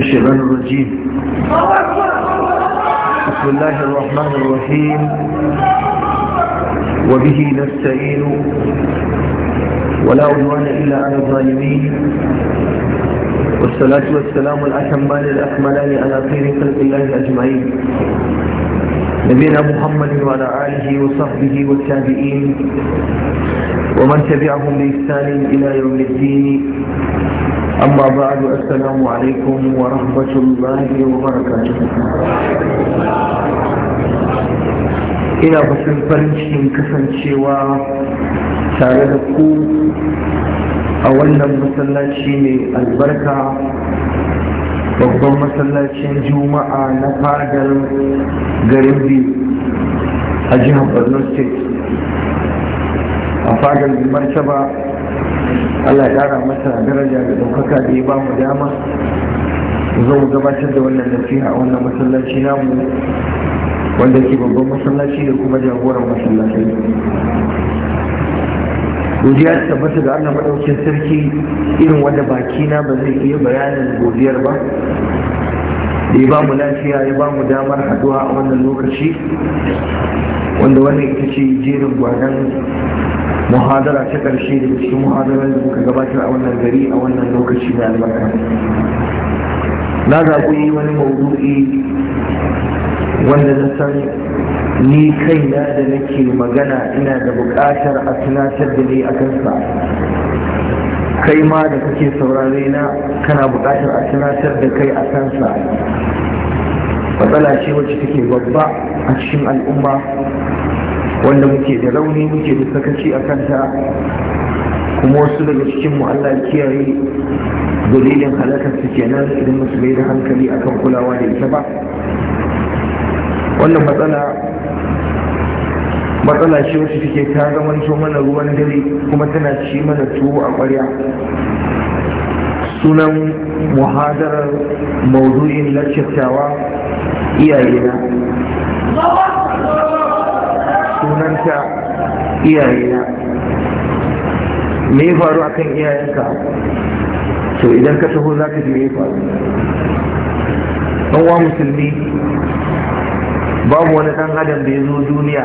الشيطان الرجيم بسم الله الرحمن الرحيم وبه نستعين ولا عدوان إلا على الظالمين والصلاة والسلام الأتمان الأكملان على خير خلق الله أجمعين نبينا محمد وعلى آله وصحبه والتابعين ومن تبعهم بإحسان إلى يوم الدين أما بعد السلام عليكم ورحمة الله وبركاته ina bakin farin cikin kasancewa tare da ku a wannan masallaci ne albarka babban masallacin juma'a na fadar garin biyu a jihar borno state a fadar martaba Allah ya ƙara masa daraja da ɗaukaka da ya ba mu dama mu gabatar da wannan nasiha a wannan masallaci namu wanda ke babban masallaci da kuma jagoran masallaci godiya ta tabbata da Allah madaukin sarki irin wanda baki na ba zai iya bayanin godiyar ba da ya ba mu lafiya ya ba mu damar haduwa a wannan lokaci wanda wannan ita ce jerin gwanan muhadara ta ƙarshe da cikin muhadarar da muka gabatar a wannan gari a wannan lokaci na albarka na zaɓi wani mawdu'i wanda na san ni kaina da nake magana ina da buƙatar a tunatar da ni a kansa kai ma da kake saurare na kana buƙatar a tunatar da kai a kansa matsala ce wacce take babba a cikin al'umma wanda muke da rauni muke da sakaci a kanta kuma wasu daga cikin Allah kiyaye dalilin halakar su kenan idan musu bai da hankali akan kulawa da ita ba wannan matsala matsala ce wasu take ta zamanto mana ruwan dare kuma tana ci mana tuwo a ƙwarya sunan muhadarar maudu'in lakcattawa iyayena sunanta iyayena me ya faru akan iyayenka to idan ka taho za ka ji me ya faru ɗanwa musulmi babu wani ɗan adam da ya zo duniya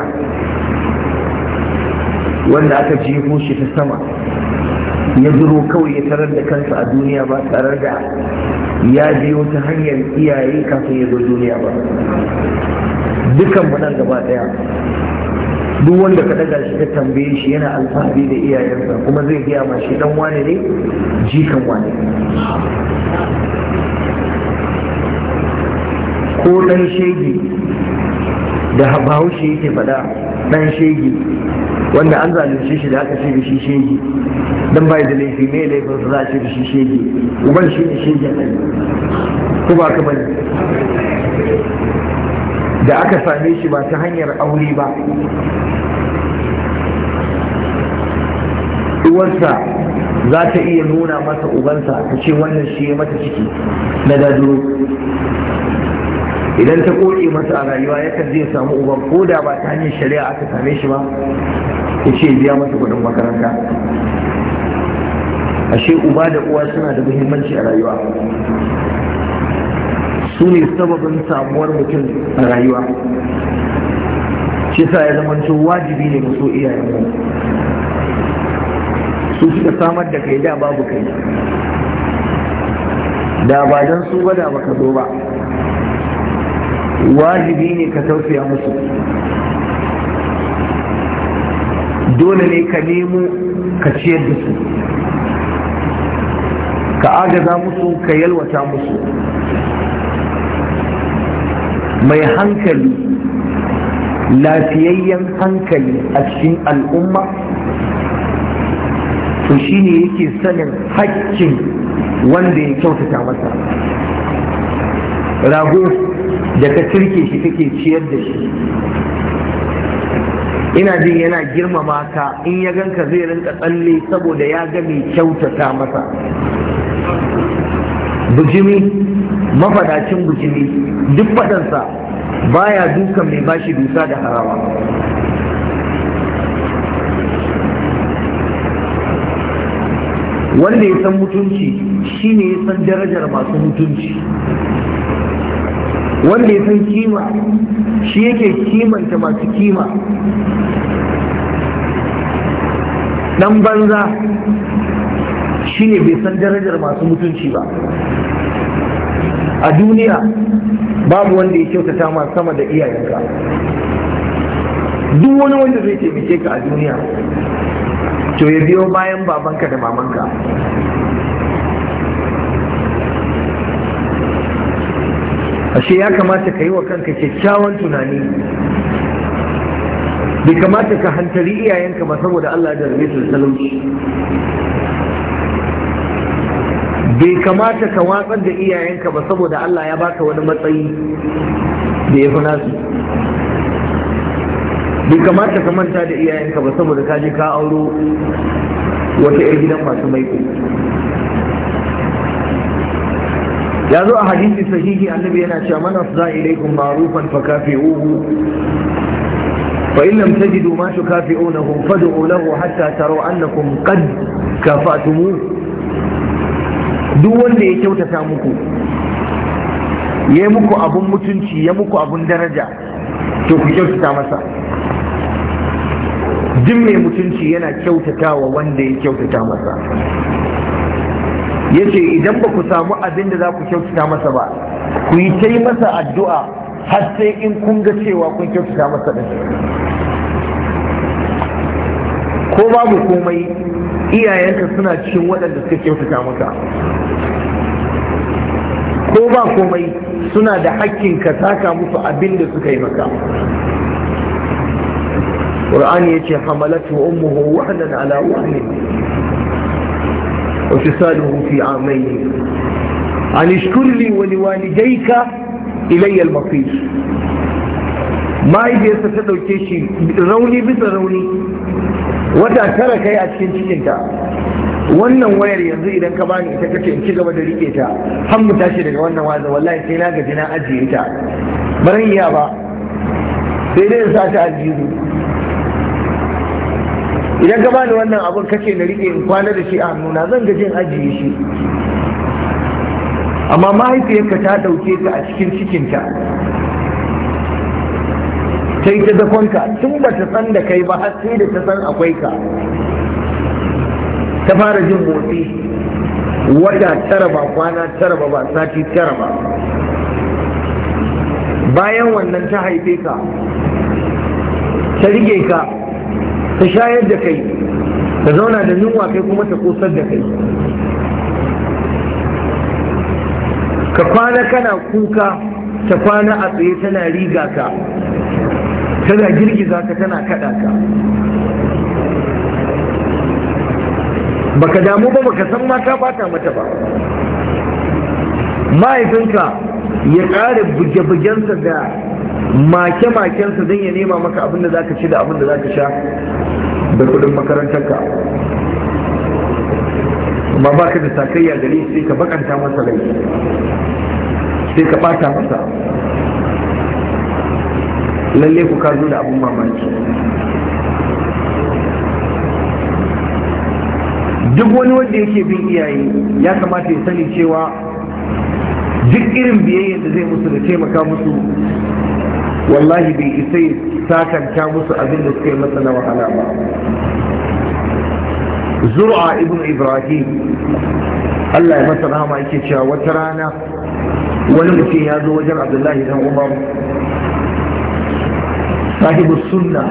wanda aka jefo shi ta sama ya zuro kawai ya tarar da kansa a duniya ba tare da ya biyo ta hanyar iyaye kafin ya zo duniya ba dukan mu nan gaba daya duk wanda ka daga shi ka tambaye shi yana alfahari da iyayensa kuma zai gaya ma shi dan wane ne jikan wane ko dan shege da bahaushe yake faɗa dan shege wanda an zalunce shi da aka ce da shi shege dan bai da laifi mai laifin za a ce da shi shege uban shi ne shege ko ba ka bane da aka same shi ba ta hanyar aure ba uwarsa za ta iya nuna masa ubansa ta ce wannan shi ya mata ciki na daduro idan ta koke masa a rayuwa yakan zai samu uban ko da ba ta hanyar shari'a aka same shi ba ya ce biya masa kudin makaranta ashe uba da uwa suna da muhimmanci a rayuwa su ne sababin samuwar mutum a rayuwa shi sa ya zamanto wajibi ne mu so iyayenmu su suka samar da kai da babu kai da ba don su ba ka baka zo ba wajibi ne ka tausaya musu dole ne ka nemo ka ciyar da su ka agaza musu ka yalwata musu mai hankali lafiyayyen hankali a cikin al'umma to ne yake sanin haƙƙin wanda ya kyautata masa rago da ka cirke shi kake ciyar da shi ina jin yana girmama ka in ya ganka zai rinka tsalle saboda ya ga mai kyautata masa bujimi mafadacin bujimi duk fadansa baya dukan mai bashi dusa da harawa wanda ya san mutunci shi ne ya san darajar masu mutunci wanda ya san kima shi yake kimanta masu kima dan banza shi ne bai san darajar masu mutunci ba a duniya babu wanda ya kyautata ma sama da iyayenka duk wani wanda zai taimake ka a duniya to ya biyo bayan babanka da mamanka ashe ya kamata ka yi wa kanka kyakkyawan tunani bai kamata ka hantari iyayenka ba saboda Allah da rabe su talauci bai kamata ka watsar da iyayenka ba saboda Allah ya baka wani matsayi da ya fi nasu bai kamata ka manta da iyayenka ba saboda ka je ka auro wata 'yar gidan masu maiko ya zo a hadisi sahihi annabi yana cewa man asda ilaykum ma'rufan fakafi'uhu fa in lam tajidu ma tukafi'unahu fad'u lahu hatta taro annakum qad kafatumu duk wanda ya kyautata muku yayi muku abun mutunci ya muku abun daraja to ku kyautata masa duk mai mutunci yana kyautata wa wanda ya kyautata masa Ya ce idan ba ku samu abin da za ku kyautata masa ba ku yi ta yi masa addu'a har sai in kun ga cewa kun kyautata masa shi. ko babu komai iyayenka suna cikin waɗanda suka kyautata maka ko ba komai suna da hakkin ka saka musu abin da suka yi maka qur'ani yace hamalatu ummuhu wahnan ala wahnin wa fisaluhu fi amayn an ishkur li wa liwalidayka ilayya al-maqis mahaifiyarsa ta dauke shi rauni bisa rauni wata tara kai a cikin cikinta wannan wayar yanzu idan ka bani ita kace in ci gaba da rike ta har mu tashi daga wannan wazan wallahi sai na gaji na ajiye ta baran iya ba sai dai sa ta aljihu idan ka bani wannan abin kake na rike in kwana da shi a hannuna zan ga jin ajiye shi amma mahaifiyarka ta dauke ta a cikin cikinta ta yi ta dakonka tun ba ta san da kai ba har sai da ta san akwai ka ta fara jin motsi wata tara ba kwana tara ba ba sati tara ba bayan wannan ta haife ka ta rige ka ta shayar da kai ta zauna da yunwa kai kuma ta kosar da kai ka kwana kana kuka ta kwana a tsaye tana riga ka tana girgiza ka tana kada ka baka damu ba baka san mata bata mata ba mahaifinka ya ƙara buge-bugensa da make-makensa don ya nema maka abin da zaka ci da abin da zaka sha da kudin makarantarka amma ba ka da sakayya gari sai ka bakanta masa rai sai ka bata masa lalle ku ka zo da abin mamaki duk wani wanda yake bin iyaye ya kamata ya sani cewa duk irin biyayya da zai musu da taimaka musu wallahi bai isa sakanta musu abin da suka yi masa na wahala ba zur'a ibn ibrahim Allah ya masa rahama yake cewa wata rana wani mutum ya zo wajen abdullahi dan umar sahibu sunna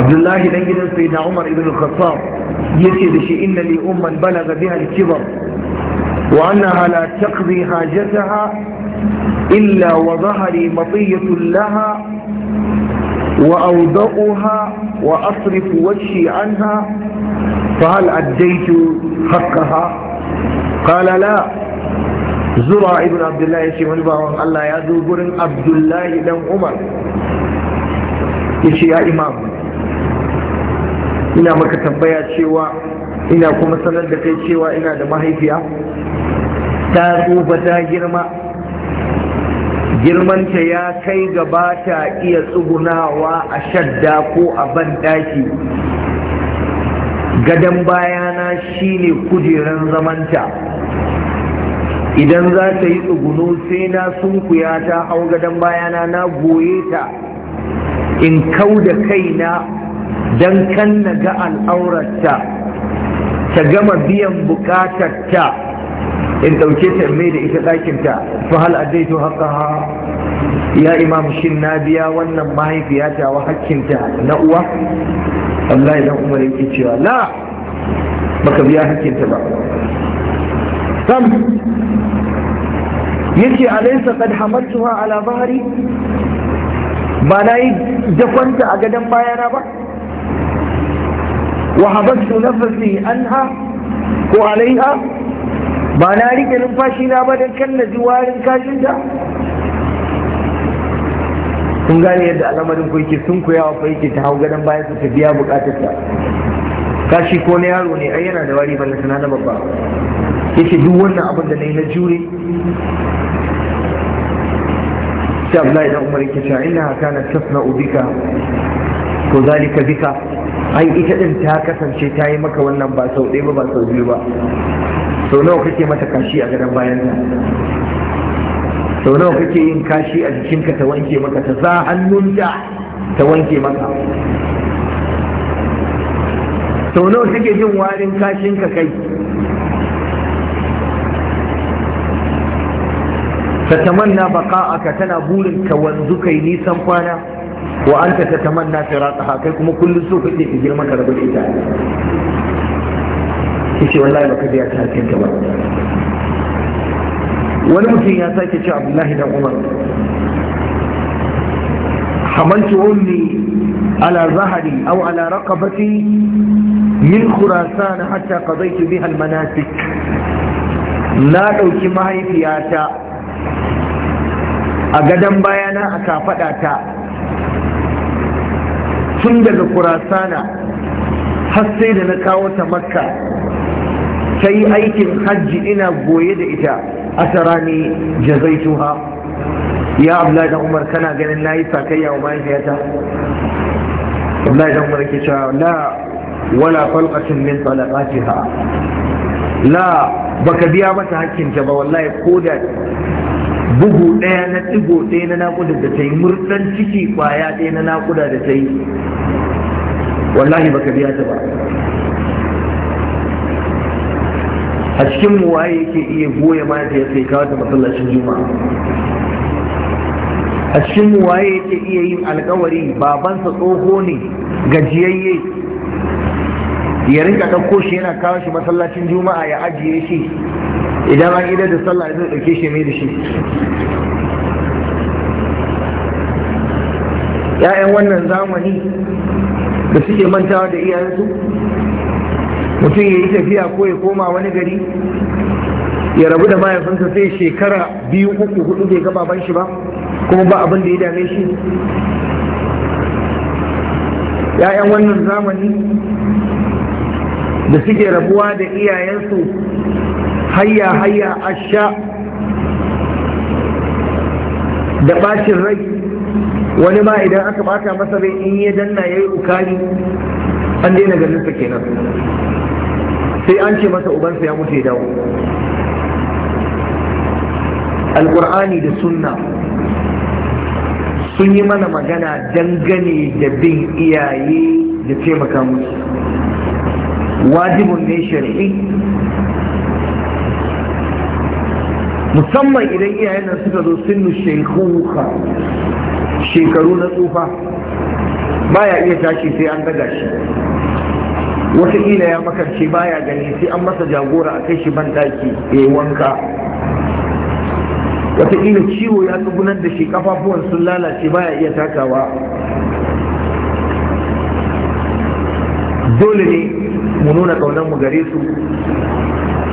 abdullahi dan gidan sai na umar ibn khattab yace da shi inna li umman balaga biha al-kibar wa annaha la taqdi hajataha إلا وظهري مطية لها وأوضأها وأصرف وجهي عنها فهل أديت حقها قال لا زرع ابن عبد الله يشي من باوان الله يا زوجر عبد الله بن عمر يشي يا إمام ina maka tambaya cewa ina kuma sanar da kai cewa ina da mahaifiya ta tsufa ta girma girmanta ya kai ga ba ta iya tsugunawa a shadda ko a banɗaki gadon bayana shine kujeran zamanta idan za ta yi tsuguno sai na sunkuya ta hau gadon bayana na goye ta in kau da kaina don kanna na ga al'aurarta ta gama biyan bukatarta in ɗauke ta mai da ita ɗakinta fa hal addaitu haqqaha ya imam shin na biya wannan mahaifiyata wa haƙƙinta na uwa wallahi dan umar yake cewa la baka biya haƙƙinta ba sam yace alaysa qad hamaltuha ala bahri ba na yi dakwanta a gadon bayana ba wa habatu nafsi anha ko alaiha ba na rike numfashi na ba don kan na ji warin ta Sun gane yadda al'amarin ku yake sun koya wa faike ta hau gadon baya su ta biya bukatarsa kashi ko na yaro ne ai yana da wari balle sana na babba yake duk wannan abin da nayi na jure sai Abdullahi dan Umar yake cewa inna kana tasna'u ubika, ko zalika bika ai ita din ta kasance ta yi maka wannan ba sau ɗaya ba ba sau biyu ba sau nawa kake mata kashi a gadon bayan ta sau nawa kake yin kashi a jikinka ta wanke maka ta za hannunta ta wanke maka sau nawa kake jin warin kashinka kai تتمنى بقاءك تنا بولن كوانزك نيسان فانا وأنت تتمنى فراقها كلكم كل سوء في جرمك رب yace wallahi baka biya ta hakkin ka ba wani mutum ya sake cewa abdullahi dan umar hamaltu ummi ala zahari aw ala raqabati min khurasan hatta qadaytu biha almanasik na dauki mahaifiyata a gadon bayana a kafaɗata tun daga kurasana har sai da na kawo ta makka ta yi aikin hajji ina goye da ita a tarani jazaituha ya abdullahi dan umar kana ganin na nayi sakayya wa mahaifiyata abdullahi dan umar ke cewa la wala falqatin min talaqatiha la baka biya mata hakkinta ba wallahi ko da bugu ɗaya na ɗigo ɗaya na naƙuda da ta yi murɗan ciki ƙwaya ɗaya na naƙuda da ta yi wallahi baka biya ta ba a cikin mu waye yake iya goya mahaifiyar sai kawo ta masallacin juma'a a cikin mu waye yake iya yin alkawari babansa tsoho ne gajiyayye ya rinka ɗauko shi yana kawo shi masallacin juma'a ya ajiye shi idan an idar da sallah zai ɗauke shi mai da shi ‘ya'yan wannan zamani da suke mantawa da iyayensu mutum ya yi tafiya ko ya koma wani gari ya rabu da mahaifinsa sai shekara biyu uku hudu bai ga baban shi ba kuma ba abin da ya dame shi ya'yan wannan zamani da suke rabuwa da iyayensu hayya hayya asha da bacin rai wani ma idan aka bata masa rai in ya danna ya yi ukari an daina ganin sa kenan sai an ce masa ubansa ya mutu ya dawo alkur'ani da sunna sun yi mana magana dangane da bin iyaye da taimaka musu wajibin ne shari'i musamman idan iyayen nan suka zo sinu shekuka shekaru na tsufa Ba ya iya tashi sai an daga shi wataƙila ya makarce baya gani sai an masa jagora a kai shi ban daki ya yi wanka wataƙila ciwo ya tsugunan da shi kafafuwan sun lalace baya iya takawa dole ne mu nuna ƙaunar mu gare su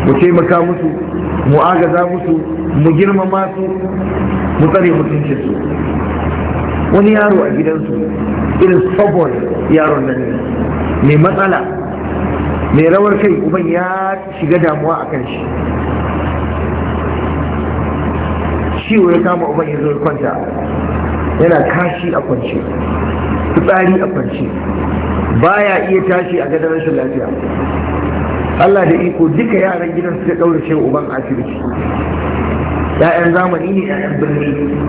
mu taimaka musu mu agaza musu mu girma su mu tsare mutuncin su wani yaro a gidansu irin sabon yaron nan ne mai matsala mai rawar kai uban ya shiga damuwa a kan shi shi ya kama uban ya zo kwanta yana kashi a kwance fitsari a kwance baya iya tashi a gadon rashin lafiya Allah da iko duka yaran gidan suka ɗaura ce uban asibiti ‘ya'yan zamani ne ‘ya'yan birni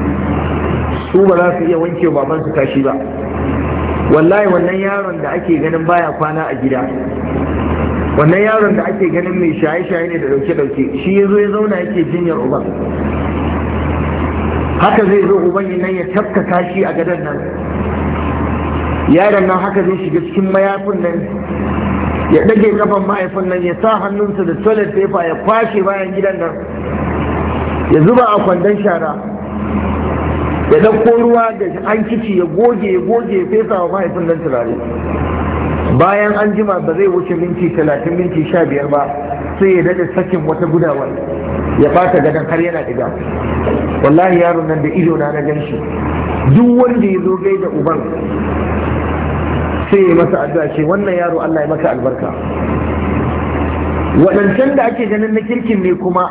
su ba za su iya wanke baban su kashi ba wallahi wannan yaron da ake ganin baya kwana a gida wannan yaron da ake ganin mai shaye-shaye ne da dauke-dauke shi ya zo ya zauna yake jinyar uban haka zai zo uban nan ya tafka shi a gadon nan yaron nan haka zai shiga cikin mayafin nan ya ɗage kafan mahaifin nan ya sa hannunsa da toilet paper ya kwashe bayan gidan nan ya zuba a kwandon shara ya ɗauko ruwa da an kici ya goge ya goge ya fesa wa mahaifin nan turare bayan an jima ba zai wuce minti talatin minti sha biyar ba sai ya daɗa sakin wata gudawar ya ɓata gadon har yana diga wallahi yaron nan da ido na na gan shi duk wanda ya zo gai da uban sai ya masa addu'a ce wannan yaro Allah ya maka albarka waɗancan da ake ganin na kirkin ne kuma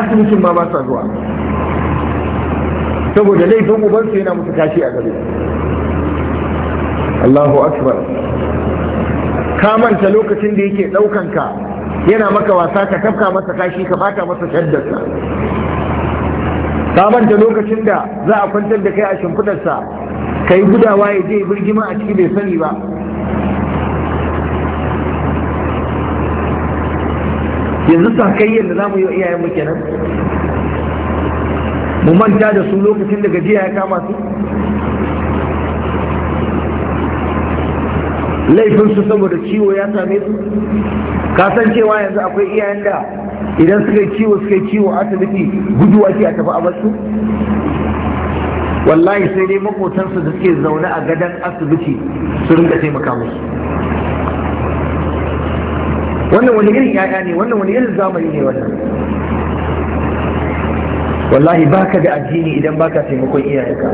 asibitin ma ba sa zuwa saboda laifin ubansu yana musu kashi a gare Allahu akbar ka manta lokacin da yake ɗaukan ka yana maka wasa ka tafka masa kashi ka bata masa shaddarsa ka manta lokacin da za a kwantar da kai a shimfidarsa ka yi gudawa ya je birgima a ciki bai sani ba yanzu kai yadda za mu yi wa iyayenmu kenan mu manta da su lokacin da gajiya ya kama su laifinsu saboda ciwo ya same su cewa yanzu akwai iyayen da idan suka yi ciwo suka yi ciwo asibiti gudu ake a tafi a basu wallahi sai dai makotansu da suke zaune a gadon asibiti su rinka taimaka musu wannan wani irin yaya ne wannan wani irin zamani ne wannan wallahi baka da addini idan baka taimakon iyayenka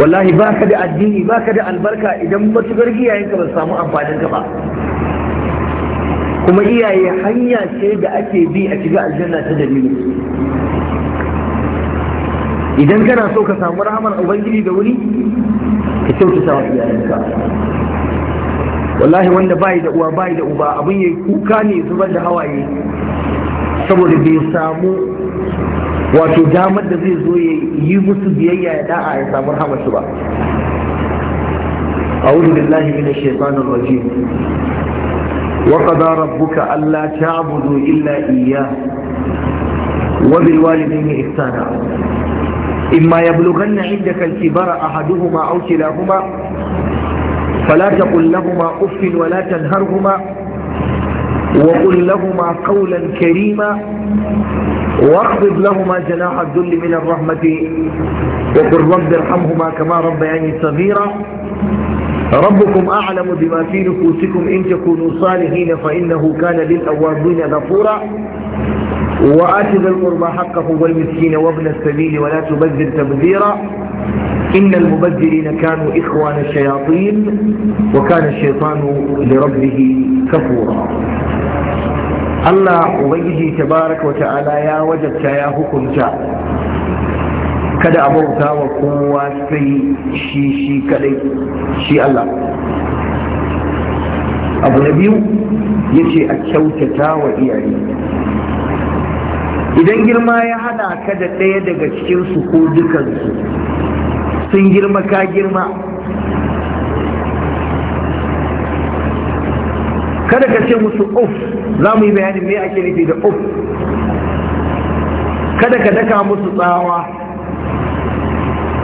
wallahi ba ka da addini ba ka da albarka idan gargiya yanka ba samu amfanin ka ba kuma iyaye hanya ce da ake bi a shiga aljanna ta dalilin idan kana so ka samu rahamar ubangiji da wuri ka kyautata wa iyayenka wallahi wanda bai da uwa bai da uba abin yayi kuka ne zubar da hawaye saboda bai samu wato damar da zai zo ya yi musu biyayya ya da'a ya samu rahama su ba أعوذ بالله من الشيطان الرجيم وقضى ربك ألا تعبدوا إلا إياه وبالوالدين إحسانا إما يبلغن عندك الكبر أحدهما أو كلاهما فلا تقل لهما أف ولا تنهرهما وقل لهما قولا كريما واخفض لهما جناح الذل من الرحمة وقل رب ارحمهما كما ربياني صغيرا ربكم أعلم بما في نفوسكم إن تكونوا صالحين فإنه كان للأوابين غفورا وآت ذا القربى حقه والمسكين وابن السبيل ولا تبذر تبذيرا إن المبذرين كانوا إخوان الشياطين وكان الشيطان لربه كفورا Allah ubangiji tabaraka wa ta'ala ya wajabta ya hukunta kada a bauta wa kowa sai shi shi kadai shi Allah abu na biyu ya ce a kyautata wa iyaye idan girma ya hada ka da ɗaya daga cikinsu ko dukansu sun girma ka girma kada ka ce musu uf za mu yi bayanin me ake nufi da uf kada ka daka musu tsawa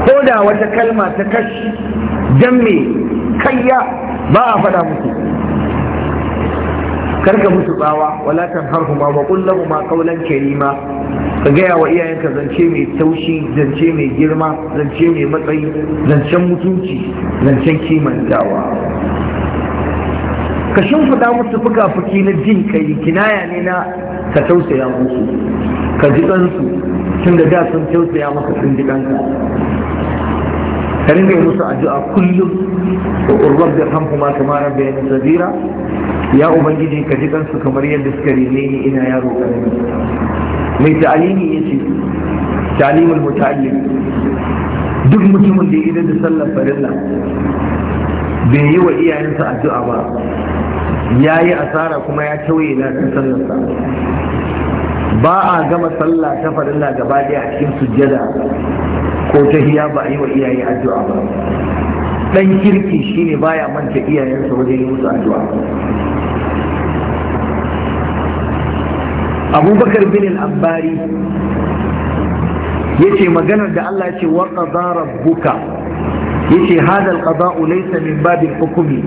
ko da wata kalma ta kashi jamme kayya ba a faɗa musu karka musu tsawa wala tanharhu ma wa qul ma qawlan karima ka gaya wa iyayenka zance mai taushi zance mai girma zance mai matsayi zancen mutunci zancen kimantawa ka shimfiɗa musu fuka-fuki na jin kai kinaya ne na ka tausaya musu ka ji ɗansu tun da da sun tausaya maka sun ji ɗanka ka ringa yi musu addu'a kullum wa qurbat da hamku ma kama rabbi ya sadira ya ubangiji ka ji ɗansu kamar yadda suka rene ni ina yaro ƙarami mai ta'alimi yace ta'alimul mutallim duk mutumin da ya da sallar farilla bai yi wa iyayensa addu'a ba ya yi asara kuma ya tauye lafiyar sallarsa ba a gama sallah ta farilla gaba daya a cikin sujjada ko ta hiya ba a yi wa iyaye addu'a ba dan kirki shine baya manta iyayensa wajen yi musu addu'a abubakar bin al ya yace maganar da Allah ce wa qadara rabbuka yace hadal qada'u laysa min babil hukumi."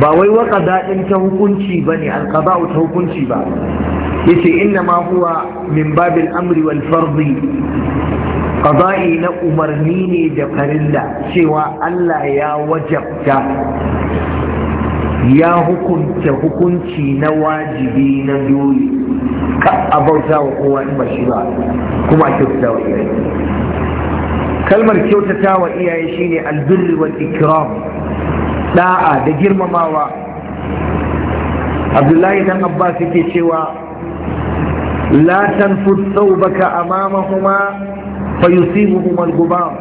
ba wai wa qada'in ta hukunci bane al qada'u ta hukunci ba yace inna ma huwa min babil amri wal fardhi qada'i na umarni ne da farilla cewa Allah ya wajabta ya hukunta hukunci na wajibi na dole ka abauta wa kowa in ba shi ba kuma a kyautata wa iyaye kalmar kyautata wa iyaye shine albirri wa ikram da'a da girmamawa abdullahi dan abbas yake cewa la tanfud thawbaka amamahuma fayusibuhuma al-gubam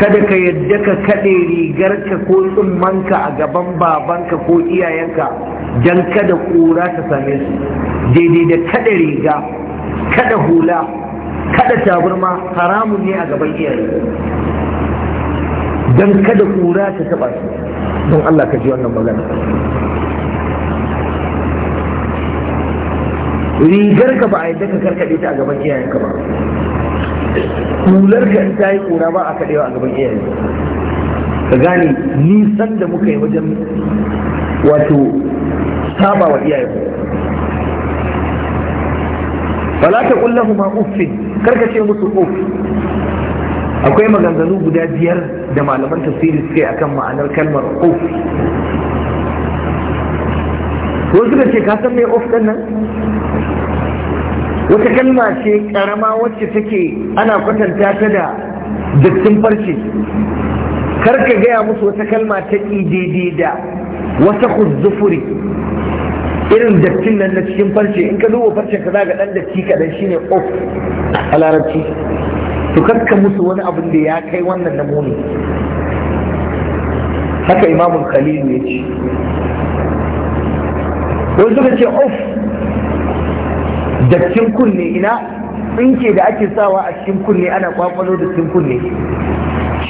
kada ka yadda ka kaɗe rigarka ko tsummanka a gaban babanka ko iyayenka don kada kura ta same su daidai da kada riga kada hula kada tagurma haramun ne a gaban iyaye don kada kura ta taba su don Allah ka ji wannan magana rigar ka ba a yadda ka karkaɗe ta a gaban iyayenka ba hular ka in ta yi kura ba a kaɗewa a gaban iyayen ka gane nisan da muka yi wajen wato saba wa iyayen ta kullahu ma uffin. karka ce musu uf akwai maganganu guda biyar da malaman tafsiri suke akan ma'anar kalmar uf wasu da ce ka san mai uf nan wata kalma ce karama wacce take ana kwatanta ta da dattin farce karka gaya musu wata kalma ta e daidai da wata kuzzufuri irin dattin nan na cikin farce in ka duba farce ka zaga dan datti kadan shine of. a larabci to musu wani abin da ya kai wannan na muni haka imamun khalilu ya ce wani suka ce of dattin kunne ina tsinke da ake sawa a cikin kunne ana kwakwalo dattin kunne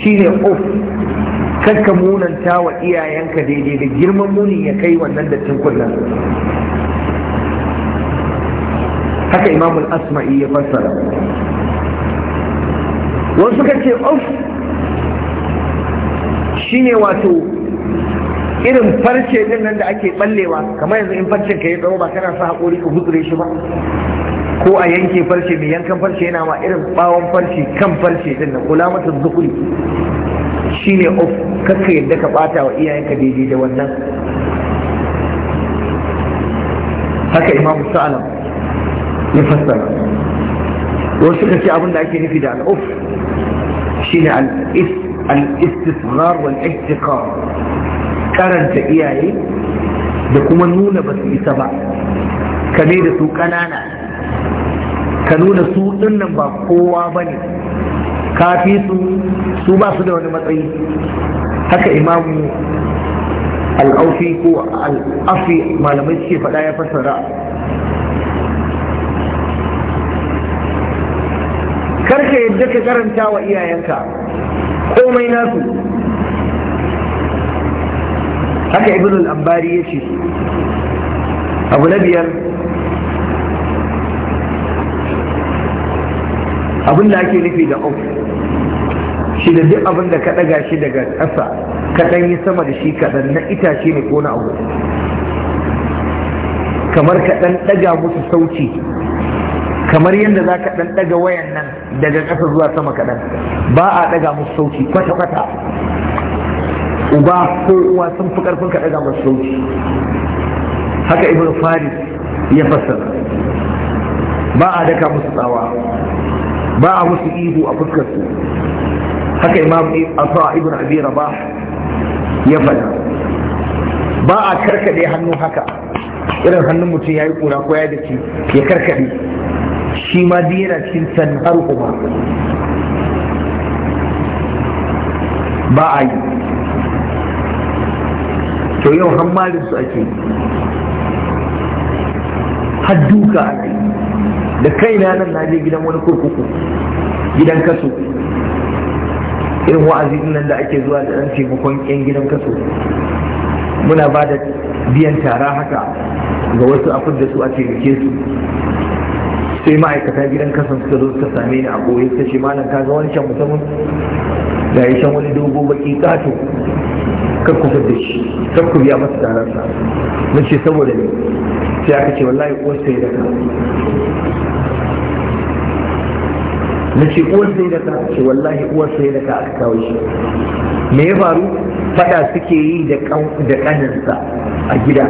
shine of. kakka munanta wa iyayenka daidai da girman muni ya kai wannan dattin kullum haka imam al-asma'i ya fassara wasu ka ce of ne wato irin farce din nan da ake ballewa kamar yanzu in farcen ka ya zama ba kana sa haƙori ka gutsure shi ba ko a yanke farce mai yankan farce yana ma irin bawon farce kan farce din nan kula mata zukuri shine of kakka yadda ka bata wa ka daidai da wannan haka imam sa'alam ya fassara wasu suka ce abin da ake nufi da al'uf shine al-istisghar wal ihtiqar karanta iyaye da kuma nuna ba su isa ba ka da su kanana ka nuna su dinnan ba kowa ba ne ka fi su su ba su da wani matsayi haka imamu al'aufi ko al'afi malamai suke faɗa ya fassara karka yadda ka karanta wa iyayenka komai nasu haka ibn al'ambari ya ce abu na biyar abin da ake nufi da of. shi da duk abin da ka ɗaga shi daga ƙasa ka ɗan yi sama da shi kaɗan na itace ne ko na abu kamar ka ɗan ɗaga musu sauci kamar yadda za ka ɗan ɗaga wayan nan daga ƙasa zuwa sama kaɗan ba a ɗaga musu sauci kwata-kwata uba ko uwa sun fi ƙarfin ka ɗaga musu sauci haka ibn faris ya fassara ba a daka musu tsawa ba a musu ihu a fuskar su haka imam asa ibn abi rabah ya faɗa ba a karkade hannu haka irin hannun mutum ya yi kura ko ya dace ya karkade shi ma duk yana cikin sanar kuma ba a yi to yau hammalin su ake har duka ake da kaina nan na je gidan wani kurkuku gidan kaso irin wa'azi nan da ake zuwa da ɗan taimakon 'yan gidan kaso muna ba da biyan tara haka ga wasu a da su a taimake su sai ma'aikata gidan kasan suka zo suka same ni a koyi suka ce malam ka ga wancan musamman da ya shan wani dogo baki kato kar ku da shi kar ku biya masa tararsa na ce saboda ne sai aka ce wallahi uwarsa ya daka na ce uwar sai da ta ce wallahi uwar sai da ta aka kawo shi me ya faru fada suke yi da kaninsa a gida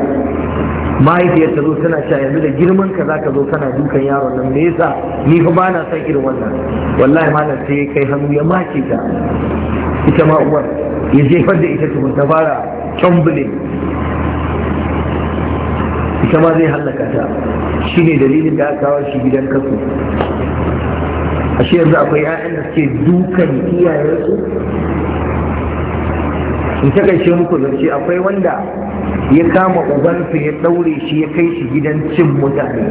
mahaifiyar ta zo tana sha yanzu da girman ka zaka zo kana dukan yaron nan me yasa ni fa ba na san irin wannan wallahi malam sai ya kai hannu ya mace ta ita ma uwar ya jefar da ita tukun ta fara tumbling ita ma zai hallaka ta shine dalilin da aka kawo shi gidan kasu ashe yanzu akwai 'ya'yan da suke dukan iyayensu in takaice muku zance akwai wanda ya kama ubansa ya ɗaure shi ya kai shi gidan cin mutane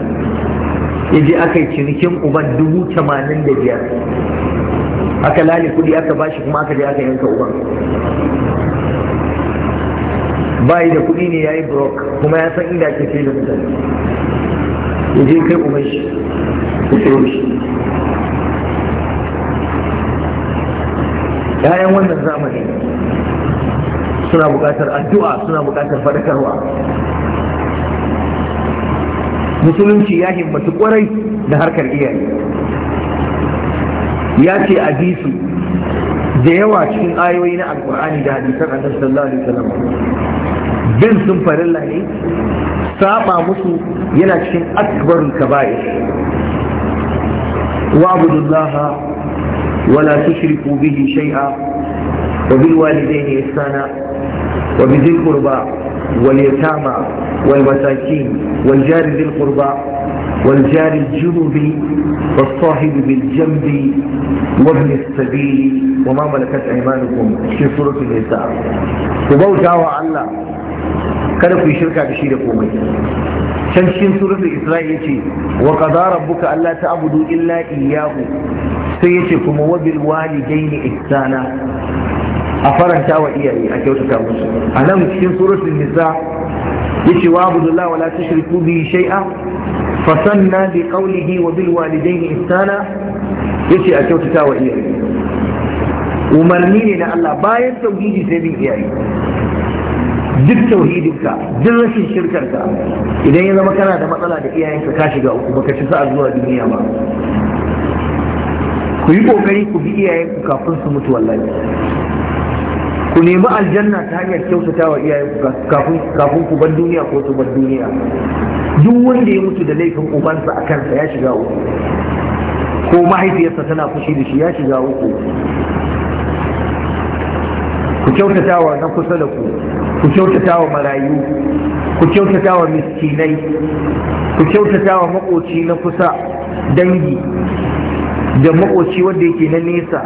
ya je aka yi cinikin uban dubu tamanin da biyar aka lale kuɗi aka bashi kuma aka je aka yanka uban bayi da kuɗi ne ya yi brok kuma ya san inda ake sai da mutane ya je kai uban shi ya shi Yayan wannan zamani suna buƙatar addu'a suna buƙatar faɗakarwa musulunci ya himmatu kwarai da harkar iyaye ya ce a su da yawa cikin ayoyi na alkur'ani da hadisan annabi sallallahu alaihi wasallam bin sun farilla ne saba musu yana cikin akbarul kaba'ir wa abudullaha ولا تشركوا به شيئا وبالوالدين إحسانا وبذي القربى واليتامى والمساكين والجار ذي القربى والجار الجنوب والصاحب بالجنب وابن السبيل وما ملكت ايمانكم في سوره النساء وبوجا الله kada ku yi shirka da shi da komai وقضى ربك ألا تعبدوا ألا إياه sai yace kuma wabil walidaini ihsana a faranta wa iyaye a kyautata musu a nan cikin suratul nisa yace wa abdullah wala tushriku bi shay'a fasanna bi qawlihi wa bil walidaini ihsana yace a kyautata wa iyaye umarni ne na Allah bayan tauhidi sai bin iyaye duk tauhidinka duk rashin shirkarka idan ya zama kana da matsala da iyayenka ka shiga uku baka ci sa'a zuwa duniya ba ku yi kokari ku bi iyayenku kafin su mutu wallahi ku nemi aljanna ta hanyar kyautata wa iyayenku kafin ku bar duniya ko su bar duniya duk wanda ya mutu da laifin ubansa a kansa ya shiga uku ko mahaifiyarsa tana fushi da shi ya shiga uku ku kyautata wa na kusa da ku ku kyautata wa marayu ku kyautata wa miskinai ku kyautata wa makoci na kusa dangi da makoci wanda yake na nesa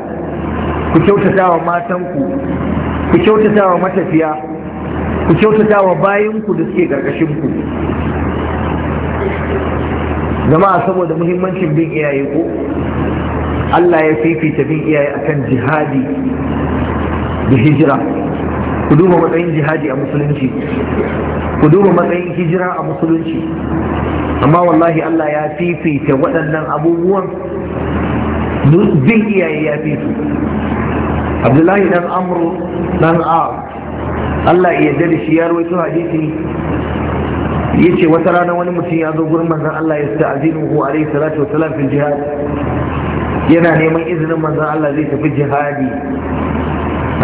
ku kyautata wa matanku ku kyautata wa matafiya ku kyautata wa bayanku da suke ƙarƙashinku Zama saboda muhimmancin bin iyaye ko Allah ya fifita bin iyaye akan jihadi da hijira ku duba matsayin jihadi a musulunci ku duba matsayin hijira a musulunci amma wallahi Allah ya fifita waɗannan abubuwan bin iyaye ya fi su abdullahi dan amru dan a Allah iya yarda shi ya rawaito hadisi yace wata rana wani mutum ya zo gurin manzan Allah ya sta'zinuhu alayhi salatu wa salam fil jihad yana neman izinin manzan Allah zai tafi jihadi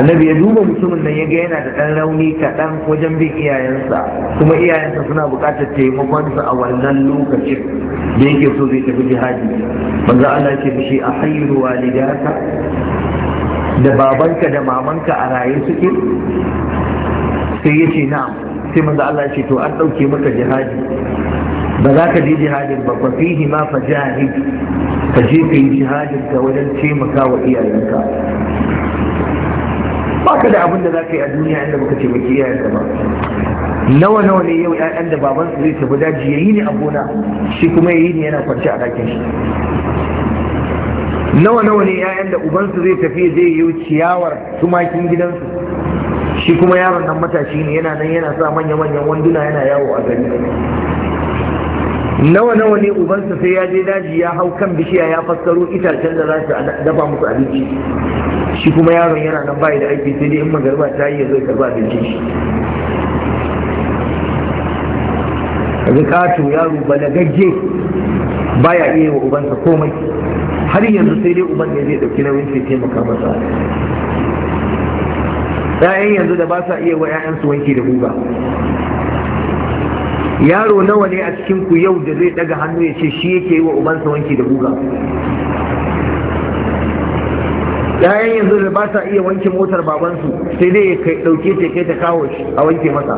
annabi ya duba mutumin nan ya ga yana da ɗan rauni kaɗan wajen bin iyayensa kuma iyayensa suna buƙatar taimakonsa a wannan lokacin da yake so zai tafi jihadi manzo Allah ce shi a hayyu walidaka da babanka da mamanka a raye suke sai ya ce na'am sai manzo Allah ce to an dauke maka jihadi ba za ka je jihadin ba fa fihi ma fajahid ka je ka yi jihadin ka wajen taimaka wa iyayenka ba ka da abin da za ka yi a duniya inda baka taimaki iyayenka ba nawa nawa ne yau ƴaƴan da baban su zai tafi daji ya yi ne a gona shi kuma ya yi ne yana kwance a ɗakin shi nawa nawa ne ƴaƴan da uban su zai tafi zai yi ciyawar tumakin gidansu shi kuma yaron nan matashi ne yana nan yana sa manya manyan wanduna yana yawo a gari nawa nawa ne uban su sai ya je daji ya hau kan bishiya ya fassaro itacen da za su dafa musu abinci shi kuma yaron yana nan bai da aiki sai dai in magarba ta yi ya zo karba abinci shi kaga kato yaro balagagge baya iya wa ubansa komai har yanzu sai dai uban ne zai dauki nauyin sai taimaka masa ƴaƴan yanzu da ba sa iya wa 'ya'yansu wanki da guga yaro nawa ne a cikin ku yau da zai daga hannu ya ce shi yake yi wa ubansa wanki da guga ƴaƴan yanzu da ba sa iya wanke motar babansu sai dai ya dauke ta ta kawo a wanke masa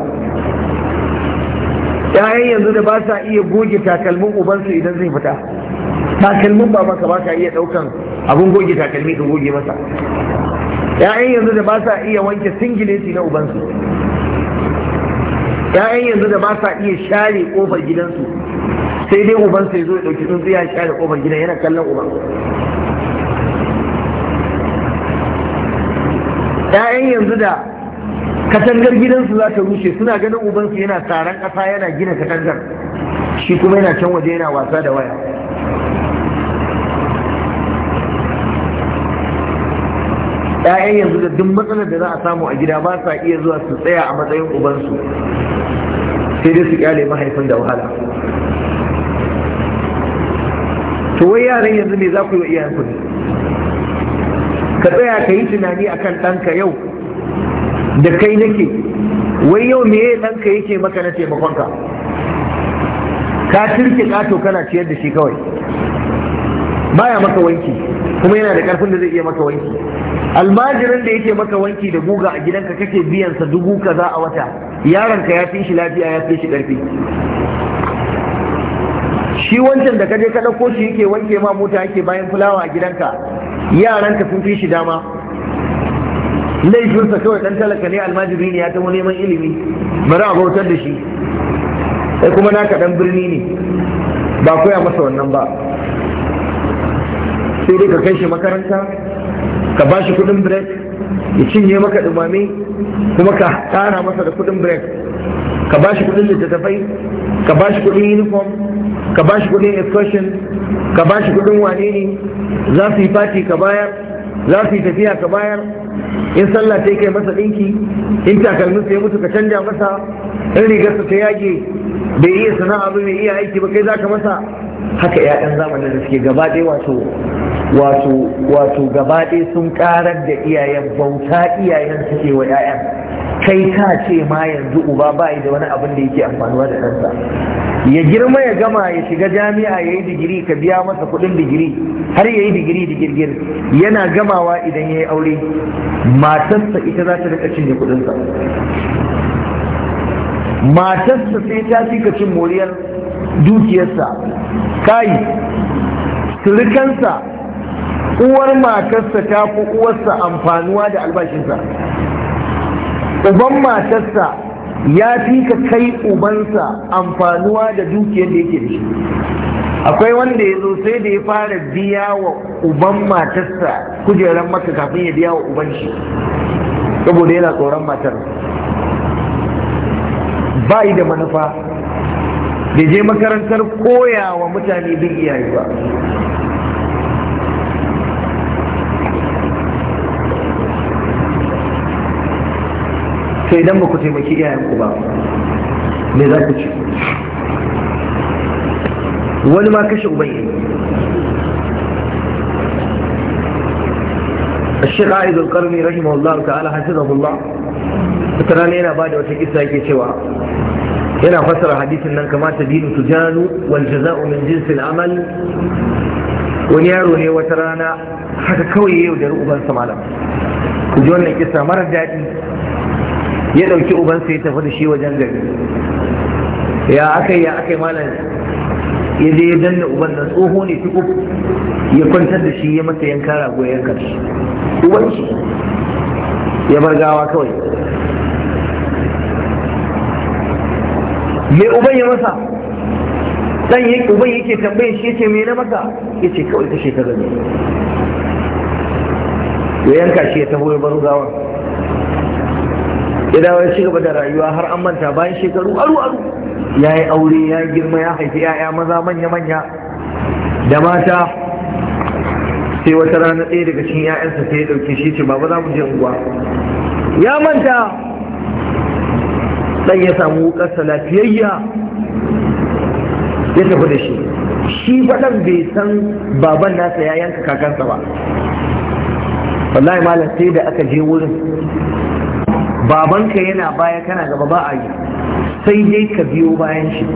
Ya'yan yanzu da ba sa iya goge takalmin ubansu idan zai fita takalmin ba ka ba ka iya ɗaukan abin goge takalmi ka goge masa Ya'yan yanzu da ba sa iya wanke singileti na ubansu ya'yan yanzu da ba sa iya share ƙofar gidansu sai dai ubansu ya zo ya ɗauki tsuntsu ya share ƙofar gidan yana kallon uban Ya'yan yanzu da katangar gidansu za ta rushe suna ganin ubansu yana taron kasa yana gina katangar shi kuma yana can waje yana wasa da waya ‘ya'yan yanzu da duk matsalar da za a samu a gida ba sa iya zuwa su tsaya a matsayin ubansu sai dai su kyale mahaifin da wahala to wai yaran yanzu me za ku yi wa iyayenku ne ka tsaya ka yi tunani akan ɗanka yau da kai nake wai yau me ɗanka yake maka na taimakonka ka turke ƙato kana ciyar da shi kawai baya maka wanki kuma yana da ƙarfin da zai iya maka wanki almajirin da yake maka wanki da guga a gidanka kake biyansa dubu kaza a wata yaronka ya fi shi lafiya ya fi shi ƙarfi shi wancan da kaje ka ɗauko shi yake wanke ma mota yake bayan fulawa a gidanka yaranka sun fi shi dama laifinsa kawai dan talaka ne almajiri ne ya tamo neman ilimi bari a bautar da shi sai kuma naka dan birni ne ba koya masa wannan ba sai dai ka kai shi makaranta ka ba shi kudin break ya cinye maka dumame kuma ka tara masa da kudin break ka ba shi kudin littattafai ka ba shi kudin uniform ka ba shi kudin excursion ka ba shi kudin wane ne za su yi fati ka bayar za su yi tafiya ka bayar in sallah ta kai masa ɗinki in takalmin ya mutu ka canja masa in rigarsa ta yage bai iya sana'a ba bai iya aiki ba kai za ka masa haka 'ya'yan zamanin da suke gaba ɗaya wato wato wato gaba sun karar da iyayen bauta iyayen suke wa 'ya'yan kai ka ce ma yanzu uba bai da wani abin da yake amfanuwa da ɗansa ya girma ya gama ya shiga jami'a ya yi digiri ka biya masa kudin digiri har ya yi digiri digirgir yana gamawa idan ya yi aure matarsa ita za ta rika cinye kudinsa matarsa sai ta fi ka cin moriyar dukiyarsa kai surukansa uwar matarsa ta fi uwarsa amfanuwa da albashinsa uban matarsa ya fi ka kai ubansa amfanuwa da dukiyar da yake da shi akwai wanda ya zo sai da ya fara biya wa uban matarsa kujerar maka kafin ya biya wa uban shi saboda yana tsoron matar ba yi da manufa da je makarantar koya wa mutane bin iyaye ba sai idan ba ku taimaki iyayenku ba me za ku ci wani ma kashe ubayi الشيخ عائد القرني رحمه الله تعالى حفظه الله فتراني أنا بعد وتكسا كيشوا yana fasara hadisin nan kamata dinu tujanu wal jaza'u min jinsil amal wani yaro ne wata rana haka kawai yau da ubansa malam ku wannan kisa mara daɗi ya ɗauki ubansa ya tafi da shi wajen gari ya aka ya aka malam ya je ya danna uban nan tsoho ne tuku ya kwantar da shi ya masa yanka rago ya yanka shi uban shi ya bar gawa kawai me uban ya masa dan yake uban yake tambaye shi yace me na maka yace kawai ta ka ne ya yanka shi ya tafi ya bar gawa ya dawo ya ci gaba da rayuwa har an manta bayan shekaru aru aru ya yi aure ya yi girma ya haifi ya'ya maza manya manya da mata sai wata rana ɗaya daga cikin ya'yansa sai ya ɗauke shi ce baba za mu je unguwa ya manta ɗan ya samu wukarsa lafiyayya ya tafi da shi shi faɗan bai san baban nasa ya yanka kakansa ba wallahi malam sai da aka je wurin babanka yana baya kana gaba ba a yi sai dai ka biyo bayan shi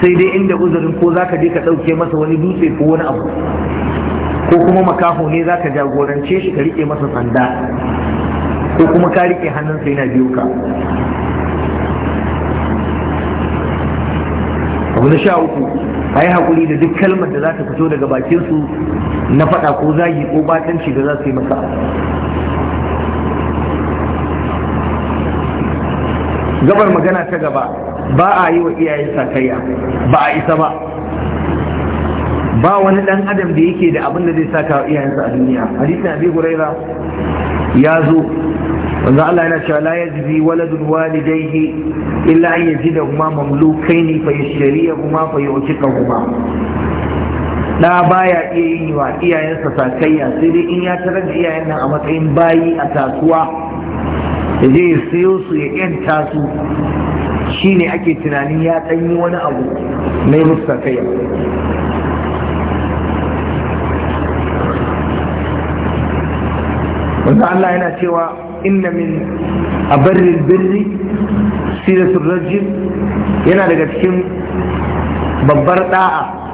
sai dai inda uzurin ko za ka je ka ɗauke masa wani dutse ko wani abu ko kuma makaho ne za ka jagorance shi ka riƙe masa sanda ko kuma ka riƙe hannunsa yana biyo ka abu na sha uku a yi haƙuri da duk kalmar da za ta fito daga bakinsu na faɗa ko zagi ko batanci da za su yi masa gabar magana ta gaba ba a yi wa iyaye sakayya ba a isa ba ba wani dan adam da yake da abin da zai saka wa iyayensa a duniya hadisin abi huraira ya zo wanzu Allah yana cewa la yajzi waladun walidayhi illa an yajidahuma mamlukaini fa yashriyahuma fa yu'tiqahuma da baya iya yi wa iyayensa sakayya sai dai in ya tarar da iyayen nan a matsayin bayi a kasuwa ya je ya siyo su ya yanta su shi ne ake tunanin ya ɗanyi wani abu na yi kai wanda Allah yana cewa inna min abarril birri siratul rajul yana daga cikin babbar ɗa'a.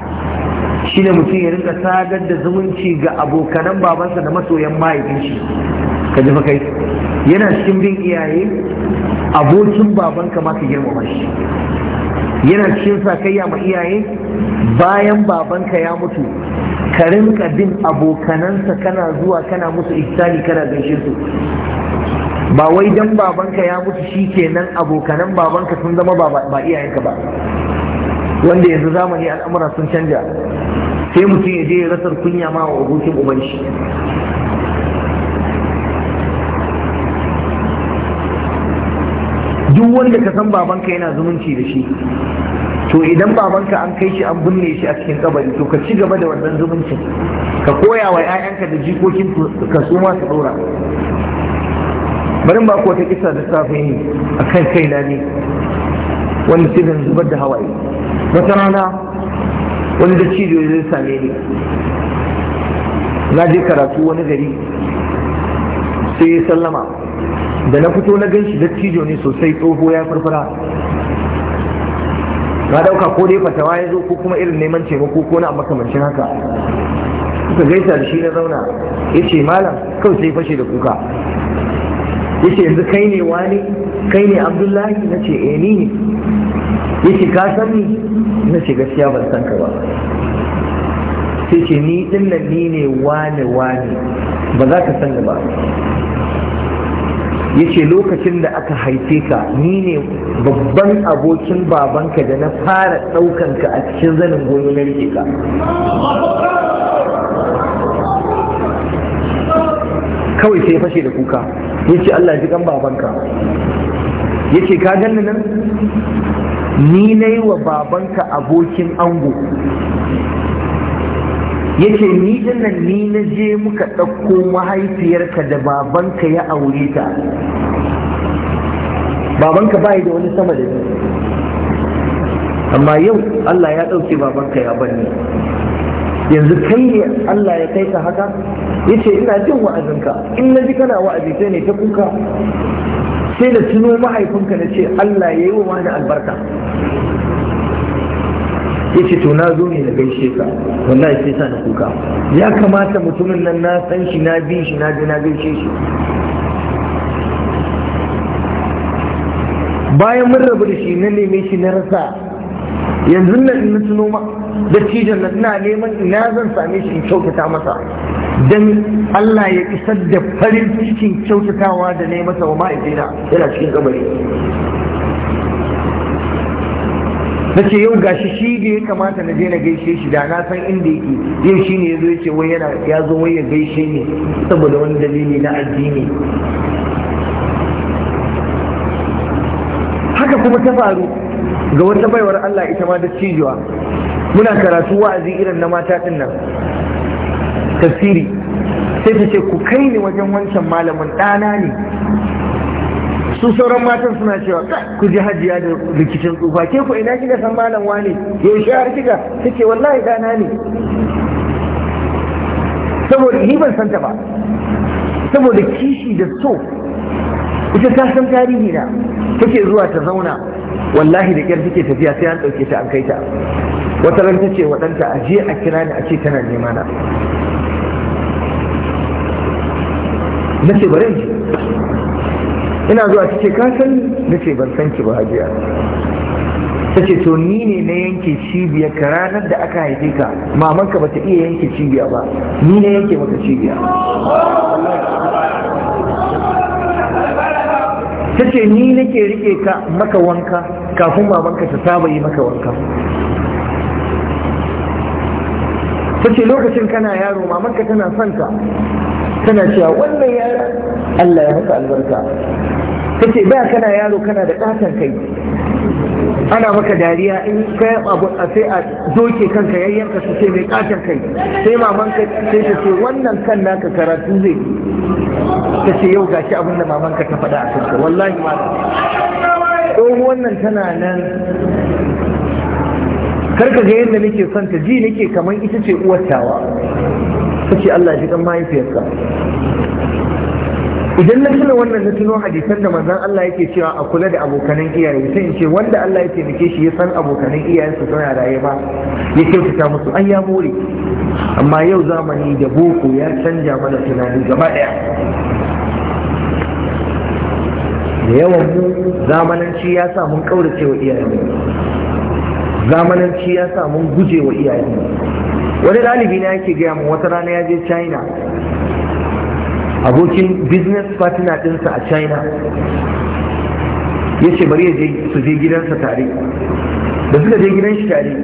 Shi ne mutum ya rinka sadar da zumunci ga abokanan babansa da masoyan mahaifin shi ka ji kai yana cikin bin iyaye abokin babanka maka ka girmama shi yana cikin sakayya ma iyaye bayan babanka ya mutu ka rinka bin abokanansa kana zuwa kana musu ihsani kana gaishe su ba wai dan babanka ya mutu shi kenan abokanan babanka sun zama ba iyayenka ba wanda yanzu zamani al'amura sun canja sai mutum ya je ya rasar kunya ma wa abokin uban shi duk wanda ka san babanka yana zumunci da shi to idan babanka an kai shi an binne shi a cikin kabari to ka ci gaba da wannan zumuncin ka koya wa 'ya'yanka da jikokin ka su ma su barin ba ku wata kisa da safe ne a kan kai ne wanda sai zubar da hawaye wata rana wani da cijo zai same ni na je karatu wani gari sai ya sallama da na fito na gan shi da cijo ne sosai tsoho ya farfara na dauka ko dai fatawa ya zo ko kuma irin neman taimako ko na makamancin haka suka gaisa da shi na zauna ya ce malam kawai sai fashe da kuka ya ce yanzu kai ne wani kai ne abdullahi na ce eh ne ya ce ka san ni na ce gaskiya ban san ka ba sai ce ni din nan ni ne Wani Wani, ba za ka san ba ya ce lokacin da aka haife ka ni ne babban abokin babanka da na fara ɗaukanka a cikin zanin goyo na rike ka kawai sai fashe da kuka ya ce Allah ji kan babanka ya ce ka ganni nan ni na yi wa babanka abokin ango ya ce ni dinnan ni na je muka ɗauko mahaifiyarka da babanka ya aure ta babanka bayi da wani sama da ni amma yau Allah ya ɗauke babanka ya banni yanzu kai ne Allah ya kai ka haka ya ce ina jin wa'azinka in na ji kana wa'azi sai ne ta kuka sai da tuno mahaifinka na ce Allah ya yi wa wani albarka ya ce to na zo ne na gaishe ka wallahi sai sa na kuka ya kamata mutumin nan na san shi na bi shi na je na gaishe shi bayan mun rabu da shi na neme shi na rasa yanzu na na tuno ma cijin nan ina neman ina zan same shi in kyautata masa dan Allah ya isar da farin cikin kyautatawa da ne masa wa ma'aikina yana cikin kabari na ce yau gashi shi da ya kamata na je na gaishe shi da na san inda yake yau shi ne ya zo ya ce wai yana ya zo wai ya gaishe ni saboda wani dalili na addini haka kuma ta faru ga wata baiwar Allah ita ma da cijiwa muna karatu wa'azi irin na mata din nan tafsiri sai ta ce ku kai ni wajen wancan malamin ɗana ne su sauran matan suna cewa ku ji hajiya da rikicin tsufa ke ku ina kika san malam wane yaushe har kika take wallahi ɗana ne saboda ni ban santa ba saboda kishi da so ita ta san tarihi na take zuwa ta zauna wallahi da kyar ke tafiya sai an ɗauke ta an kai ta wata ranta ce wa ɗanta a je a kira ni a ce tana nema na na ce bari ji ina zuwa ta ce ka san na ce ban san ki ba hajiya ta ce to ni ne na yanke cibiya ka ranar da aka haife ka mamanka ba ta iya yanke cibiya ba ni na yanke maka cibiya ta ce ni nake rike ka maka wanka kafin mamanka ta saba yi maka wanka ta ce lokacin kana yaro mamanka tana son ka tana cewa wannan yara Allah ya haka albarka ta ce ba kana yaro kana da ƙaton kai ana maka dariya in ka abu a sai a doke kanka yayyanka su ce mai katon kai sai maman ka sai ta ce wannan kan naka karatu zai ta ce yau gashi abin da maman ka ta faɗa a kanka wallahi ma don wannan tana nan karka ga yadda nake son ta ji nake kamar ita ce uwar tawa ta ce Allah ji kan mahaifiyarka idan na tuna wannan na tuno hadisan da manzon Allah yake cewa a kula da abokanan iyaye sai in ce wanda Allah ya taimake shi ya san abokanan iyayensa suna raye ba ya kyautata musu ai more amma yau zamani da boko ya canja mana tunani gaba daya da yawan mu zamananci ya sa mun kaurace wa iyaye zamananci ya sa mun guje wa iyaye wani ɗalibi na yake gaya mu wata rana ya je china abokin business partner ɗinsa a china ya ce bari ya su je gidansa tare da suka je gidan shi tare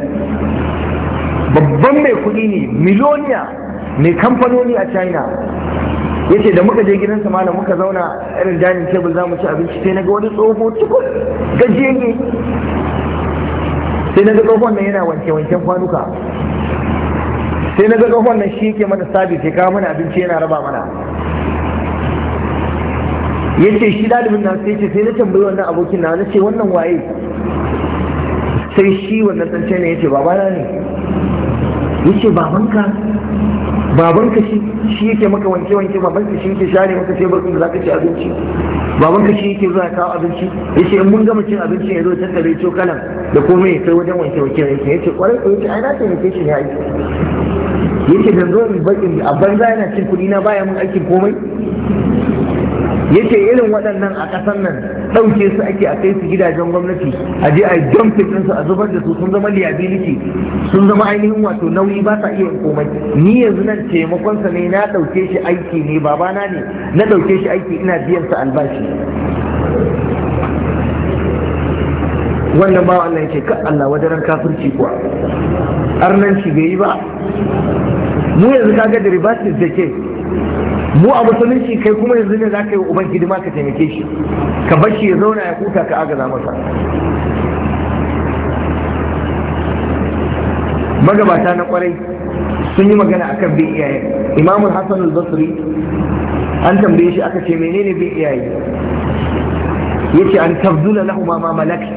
babban mai kuɗi ne miloniya mai kamfanoni a china ya ce da muka je gidansa malam muka zauna irin dining tebul za mu ci abinci sai na ga wani tsoho cikin gajiyar ne sai na ga tsohon nan yana wanke-wanken kwanuka sai na ga tsohon nan shi yake mana sabis ya kawo mana abinci yana raba mana ce shi dalibin na sai ce sai na tambayi wannan abokin na ce wannan waye sai shi wannan tsance ne yace babana ne ce babanka babanka shi yake maka wanke wanke babanka shi yake share maka barkun da zaka ci abinci babanka shi yake zuwa kawo abinci ya in mun gama cin abinci ya zo ta tare cokalan da komai ya kai wajen wanke wanke yake ce kwarai ko yace ai na taimake shi ne aiki ce dan zo in bakin a banza yana cin kuɗi na baya mun aikin komai Yake irin waɗannan a ƙasar nan ɗauke su ake a kai su gidajen gwamnati a je a yi dumping ɗinsu a zubar da su sun zama liability sun zama ainihin wato nauyi ba sa iya komai ni yanzu nan taimakonsa ne na ɗauke shi aiki ne babana ne na ɗauke shi aiki ina biyan sa albashi wannan ba Allah ke ka Allah wadaran kafirci kuwa arnan shi bai yi ba mu yanzu kaga da ribatis da ke mu a musulunci kai kuma yanzu ne za ka yi uban hidima ka taimake shi ka bar shi ya zauna ya huta ka agaza masa magabata na kwarai sun yi magana akan bin iyaye imamun hassan al-basri an tambaye shi aka ce menene bin iyaye ce an tabdula lahuma ma malaki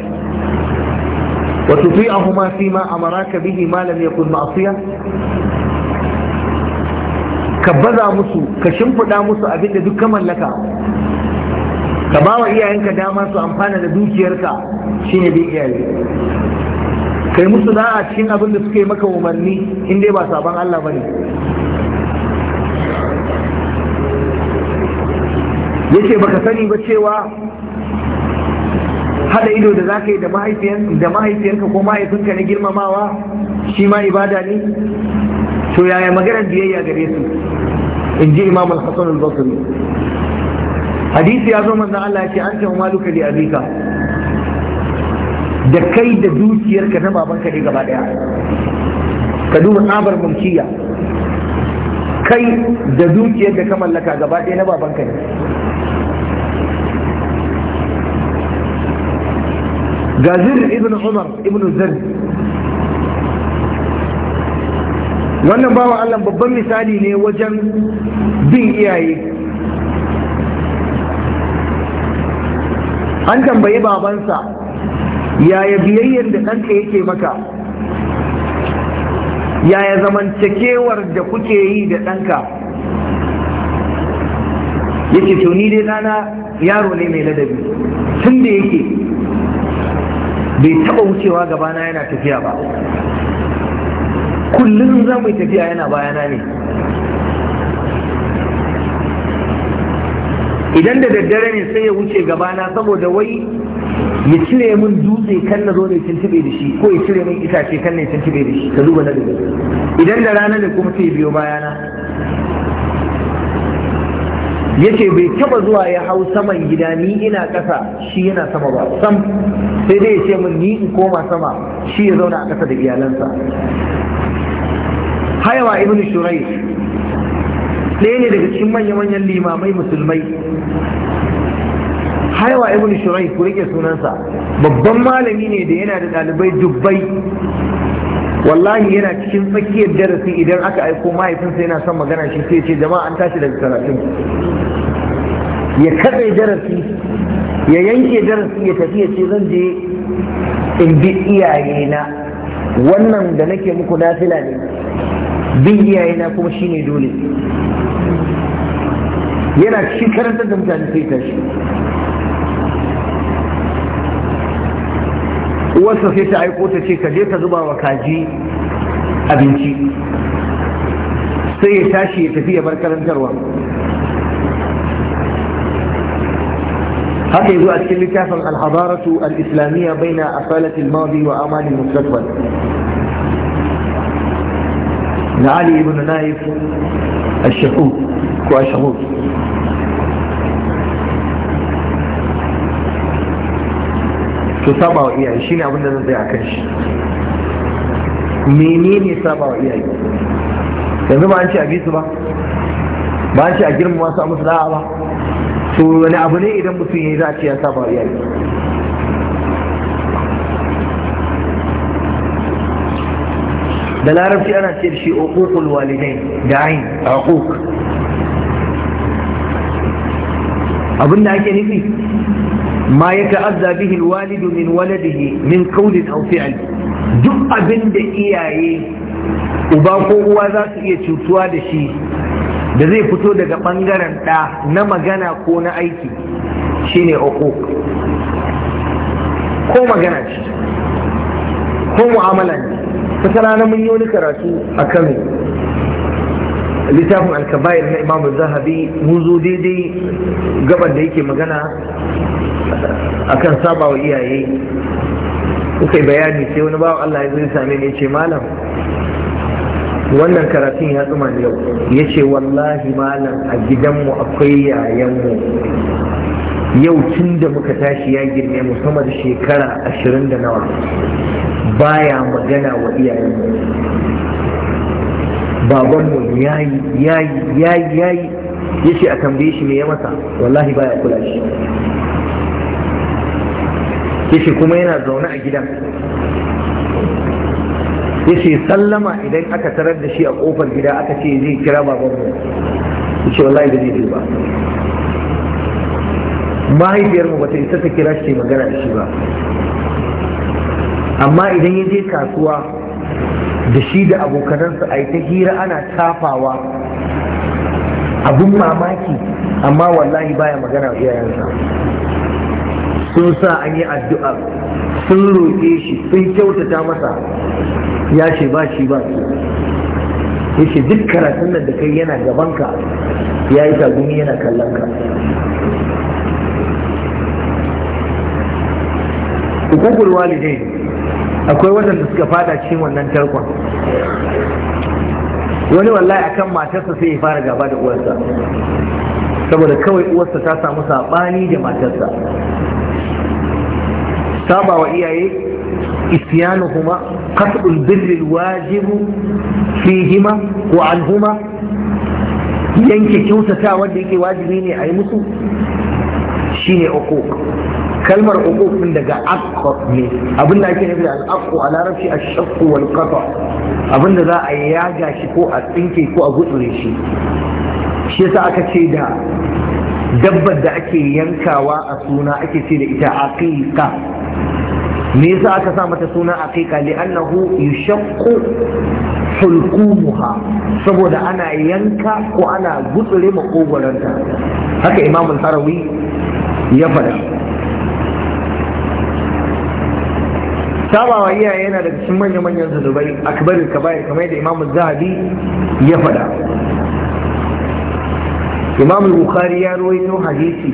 wa tuti'ahuma fi ma amaraka bihi ma lam yakun ma'siya ka baza musu ka shimfiɗa musu abin da duk mallaka ka ba wa iyayenka dama su amfana da dukiyarka shine bin iyaye kai musu a cikin abin da suke maka umarni in dai ba sabon Allah bane yace baka sani ba cewa hada ido da zaka yi da mahaifiyanka ko mahaifinka na girmamawa shi ma ibada ne to yaya maganar biyayya gare su in ji imam al-hasan al-basri hadisi ya zo manzon Allah ce an tawo maluka li abika da kai da dukiyarka na ka ne gaba daya ka duba tsabar mulkiya kai da dukiyar da ka mallaka gaba daya na ka ne Gazir ibn umar ibn zir wannan bawa allah babban misali ne wajen bin iyaye an tambayi babansa yaya biyayyar da ɗanka yake maka yaya zamantakewar da kuke yi da ɗanka yake to ni dai nana yaro ne mai ladabi tun da yake bai taɓa wucewa gabana yana tafiya ba kullum za mu yi tafiya yana bayana ne idan da daddare ne sai ya wuce gabana saboda wai ya cire min dutse kan na zo da tuntube da shi ko ya cire min itace kan na tuntube da shi ka duba na da idan da rana ne kuma sai biyo bayana yace bai taba zuwa ya hau saman gida ni ina ƙasa shi yana sama ba sam sai dai ya ce min ni in koma sama shi ya zauna a ƙasa da iyalansa hayawa ibn shurai ɗaya ne daga cikin manya-manyan limamai musulmai hayawa ibn shurai ku rike sunansa babban malami ne da yana da ɗalibai dubbai wallahi yana cikin tsakiyar darasi idan aka aiko mahaifinsa yana son magana shi sai ce jama'a an tashi daga karatun ya katse darasi ya yanke darasi ya tafi ya ce zan je in bi iyayena wannan da nake muku nafila ne bin iyayena kuma shine dole yana cikin karantar da mutane sai shi. uwarsa sai ta aiko ta ce ka je ka zuba wa kaji abinci sai ya tashi ya tafi ya bar karantarwa haka yanzu a cikin littafin al-hadaratu al-islamiyya baina asalatil madi wa amalin mustaqbal na ali ibn naif ashahu ko ashahu to saba wa iyaye shine abin da zan a kan shi menene saba wa iyaye yanzu ba an ce a bi su ba ba an ce a girmama su a musu da'a ba to wani abu ne idan mutum ya yi za a ci ya saba wa iyaye da larabci ana ce shi uququl walidain da ain uquq abinda ake nufi ma ya ta'azza bihi alwalidu min waladihi min qawlin aw fi'l duk abin da iyaye uba ko uwa za su iya cutuwa da shi da zai fito daga bangaren ɗa na magana ko na aiki shine uquq ko magana ko mu'amala ne wata rana mun yi wani karatu a kano littafin alkabayar na imamu zahabi mun zo daidai gaban da yake magana akan saba wa iyaye kuka yi bayani sai wani bawa Allah ya zo ya ne ce malam wannan karatun ya tsuma yau ya ce wallahi malam a gidanmu akwai yayanmu yau tun da muka tashi ya girme mu sama da shekara ashirin da nawa baya magana wa iyayen babanmu yayi yayi yayi yayi yace a tambaye shi me ya masa wallahi baya kula shi yace kuma yana zaune a gidan yace sallama idan aka tarar da shi a kofar gida aka ce zai kira babanmu yace wallahi da zai ba mahaifiyarmu bata isa ta kira shi magana da shi ba amma idan ya je kasuwa da shi da abokanansa a yi ta hira ana tafawa abin mamaki amma wallahi baya magana wa iyayensa sun sa an yi addu'a sun roƙe shi sun kyautata masa ya ce ba shi ba su ya ce duk karatun nan da kai yana gabanka ya yi tagumi yana kallonka hukukul walidai akwai waɗanda suka fada cikin wannan tarkon wani wallahi akan matarsa sai ya fara gaba da uwarsa saboda kawai uwarsa ta samu saɓani da matarsa saba wa iyaye kuma qasdul birri wajibu fihima wa anhuma yanke kyautata wanda yake wajibi ne a yi musu shine uku kalmar uquf daga Akko ne abin da ake nufi da al a larabci a shaqq wal qata abin da za a yaga shi ko a tsinke ko a gutsure shi shi yasa aka ce da dabbar da ake yankawa a suna ake ce da ita aqiqa me yasa aka sa mata suna aqiqa li'annahu yushaqqu hulqumuha saboda ana yanka ko ana gutsure makogwaranta haka imamul al-harawi ya faɗa sabawa iyaye yana da cikin manyan manyan zunubai akbarul kabair kamar yadda imamu zahabi ya faɗa imamu bukhari ya ruwaito hadisi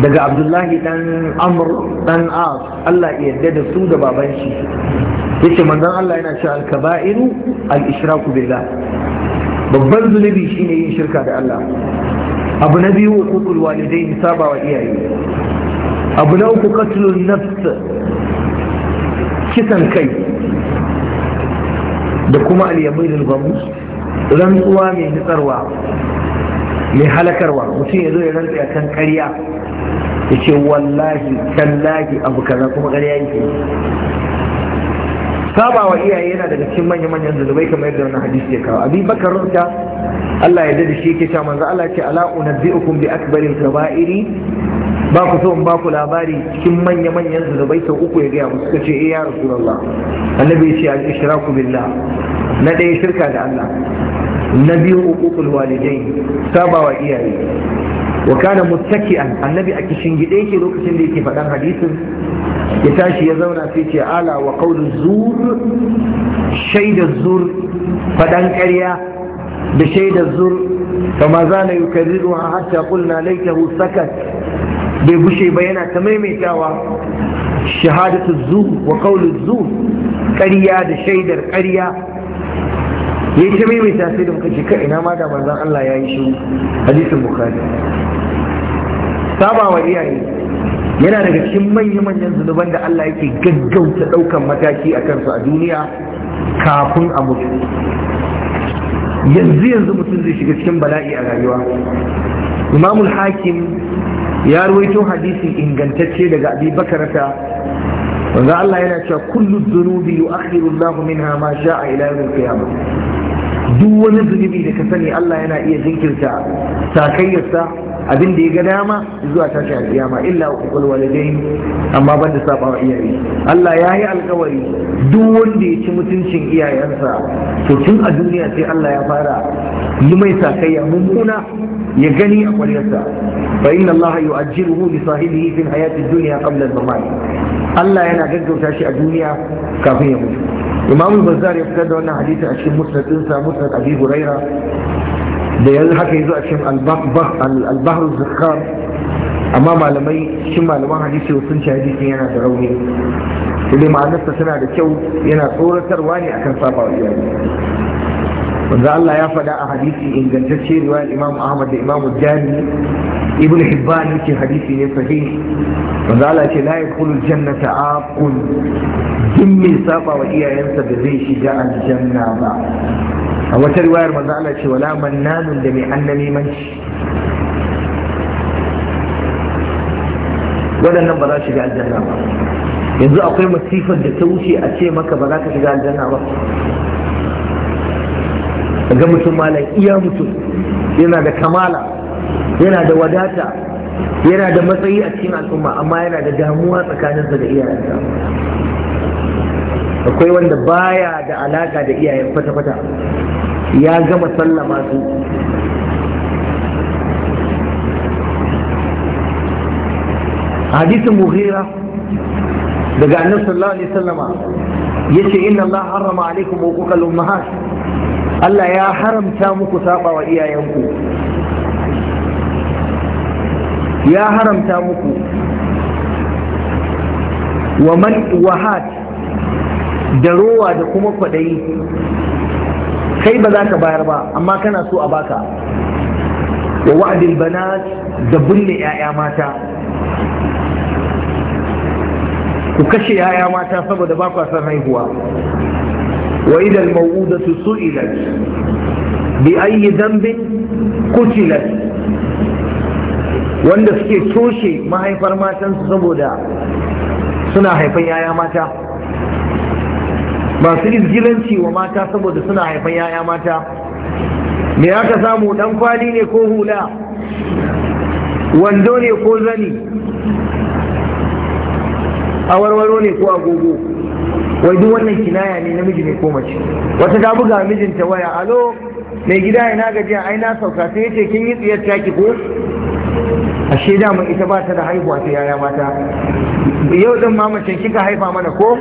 daga abdullahi dan amr dan as Allah ya yarda da su da baban shi yace manzon Allah yana cewa al-kaba'iru al-ishraku billah babban zunubi shine yin shirka da Allah abu na biyu uqul walidaini sabawa iyaye abu na uku qatlun nafs kisan kai da kuma al-yamin al rantsuwa mai nutsarwa mai halakarwa mutum ya zo ya rantsa kan ƙarya ya ce wallahi tallahi abu kaza kuma ƙarya yake saba wa iyaye yana daga cikin manyan manyan da kamar yadda wannan hadisi ya kawo abi bakar runta Allah ya dade shi ke ta manzo Allah ce ala unabbiukum bi akbaril kaba'iri ba ku so in ba ku labari cikin manya-manyan zunubai sau uku ya gaya musu kace eh ya rasulullah annabi ya ce al-ishraku billah na ɗaya shirka da Allah na biyu uququl walidain saba iyaye wa kana muttaki'an annabi a kishin gide yake lokacin da yake faɗan hadisin ya tashi ya zauna sai ce ala wa qawlu zur shaida zur faɗan ƙarya da shaida zur kama zana yukarriruha hatta qulna laitahu sakat bai gushe ba yana ta maimaitawa shahadatu zu wa kaulu zu ƙarya da shaidar ƙarya Ya ta maimaita sai da muka ce kai ina ma da manzon Allah ya yi shi hadisin bukhari Sabawa iyaye yana daga cikin manyan manyan zunuban da Allah yake gaggauta daukan mataki a kansu a duniya kafin a mutu yanzu yanzu mutum zai shiga cikin bala'i a rayuwa imamul hakim ya ruwaito hadisi ingantacce daga abi bakarata wanda Allah yana cewa kullu dhunubi yu'akhiru Allahu minha ma sha'a ila yawm al-qiyamah duk wani zunubi da ka sani Allah yana iya jinkirta sakayyarsa abin da ya ga dama zuwa tashi kiyama illa uqul waladain amma ban da saba wa iyaye Allah ya yi alkawari duk wanda ya ci mutuncin iyayensa to tun a duniya sai Allah ya fara yi mai sakayya mummuna ya gani a kwaryarsa fa inna Allah yu'ajjiruhu li sahibihi fil hayati dunya qabla al-mamat Allah yana gaggauta shi a duniya kafin ya mutu Imam Bazzar ya fitar da wannan hadisi a cikin musnadinsa musnad Abi Huraira da yanzu haka yanzu a cikin albahar zakar amma malamai cikin malaman hadisi sun ci hadisin yana da rauni sai ma'anarsa suna da kyau yana tsoratarwa ne akan saba wa iyaye wanda Allah ya faɗa a hadisi ingantacce riwayar Imam Ahmad da Imam Jami Ibn Hibban yake hadisi ne sahih wanda Allah ce la yadkhulu jannata aqul din min saba wa iyayensa da zai shiga aljanna ba a wata riwayar manzo Allah ce wala mannanun da mai annami manci waɗannan ba za su shiga aljanna ba yanzu akwai masifar da ta wuce a ce maka ba za ka shiga aljanna ba ga mutum malam iya mutum yana da kamala yana da wadata yana da matsayi a cikin al'umma amma yana da damuwa tsakaninsa da iyayensa akwai wanda baya da alaka da iyayen kwata-kwata ya gama sallama su hadisin muhira daga annabi sallallahu alaihi wasallama yace inna Allah harrama alaikum huquqal ummahat Allah ya haramta muku saba wa iyayenku ya haramta muku wa man wahat da rowa da kuma kwadayi kai ba za ka bayar ba amma kana so a baka wa wa'adil banat da bunne 'ya'ya mata ku kashe 'ya'ya mata saboda ba ku san haihuwa wa idal mawudatu su'ilat bi ayyi dambin kutilat wanda suke toshe mahaifar matansu saboda suna haifan 'ya'ya mata masu izgilanci wa mata saboda suna haifan yaya mata me aka samu dan kwali ne ko hula wando ne ko zani awarwaro ne ko agogo wai duk wannan kinaya ne namiji ne ko mace wata ta buga mijinta waya alo mai gida ya na gajiya ai na sauka sai yace kin yi tsiyar taki ko ashe dama ita ba ta da haihuwa ta yaya mata yau din mamacin kika haifa mana ko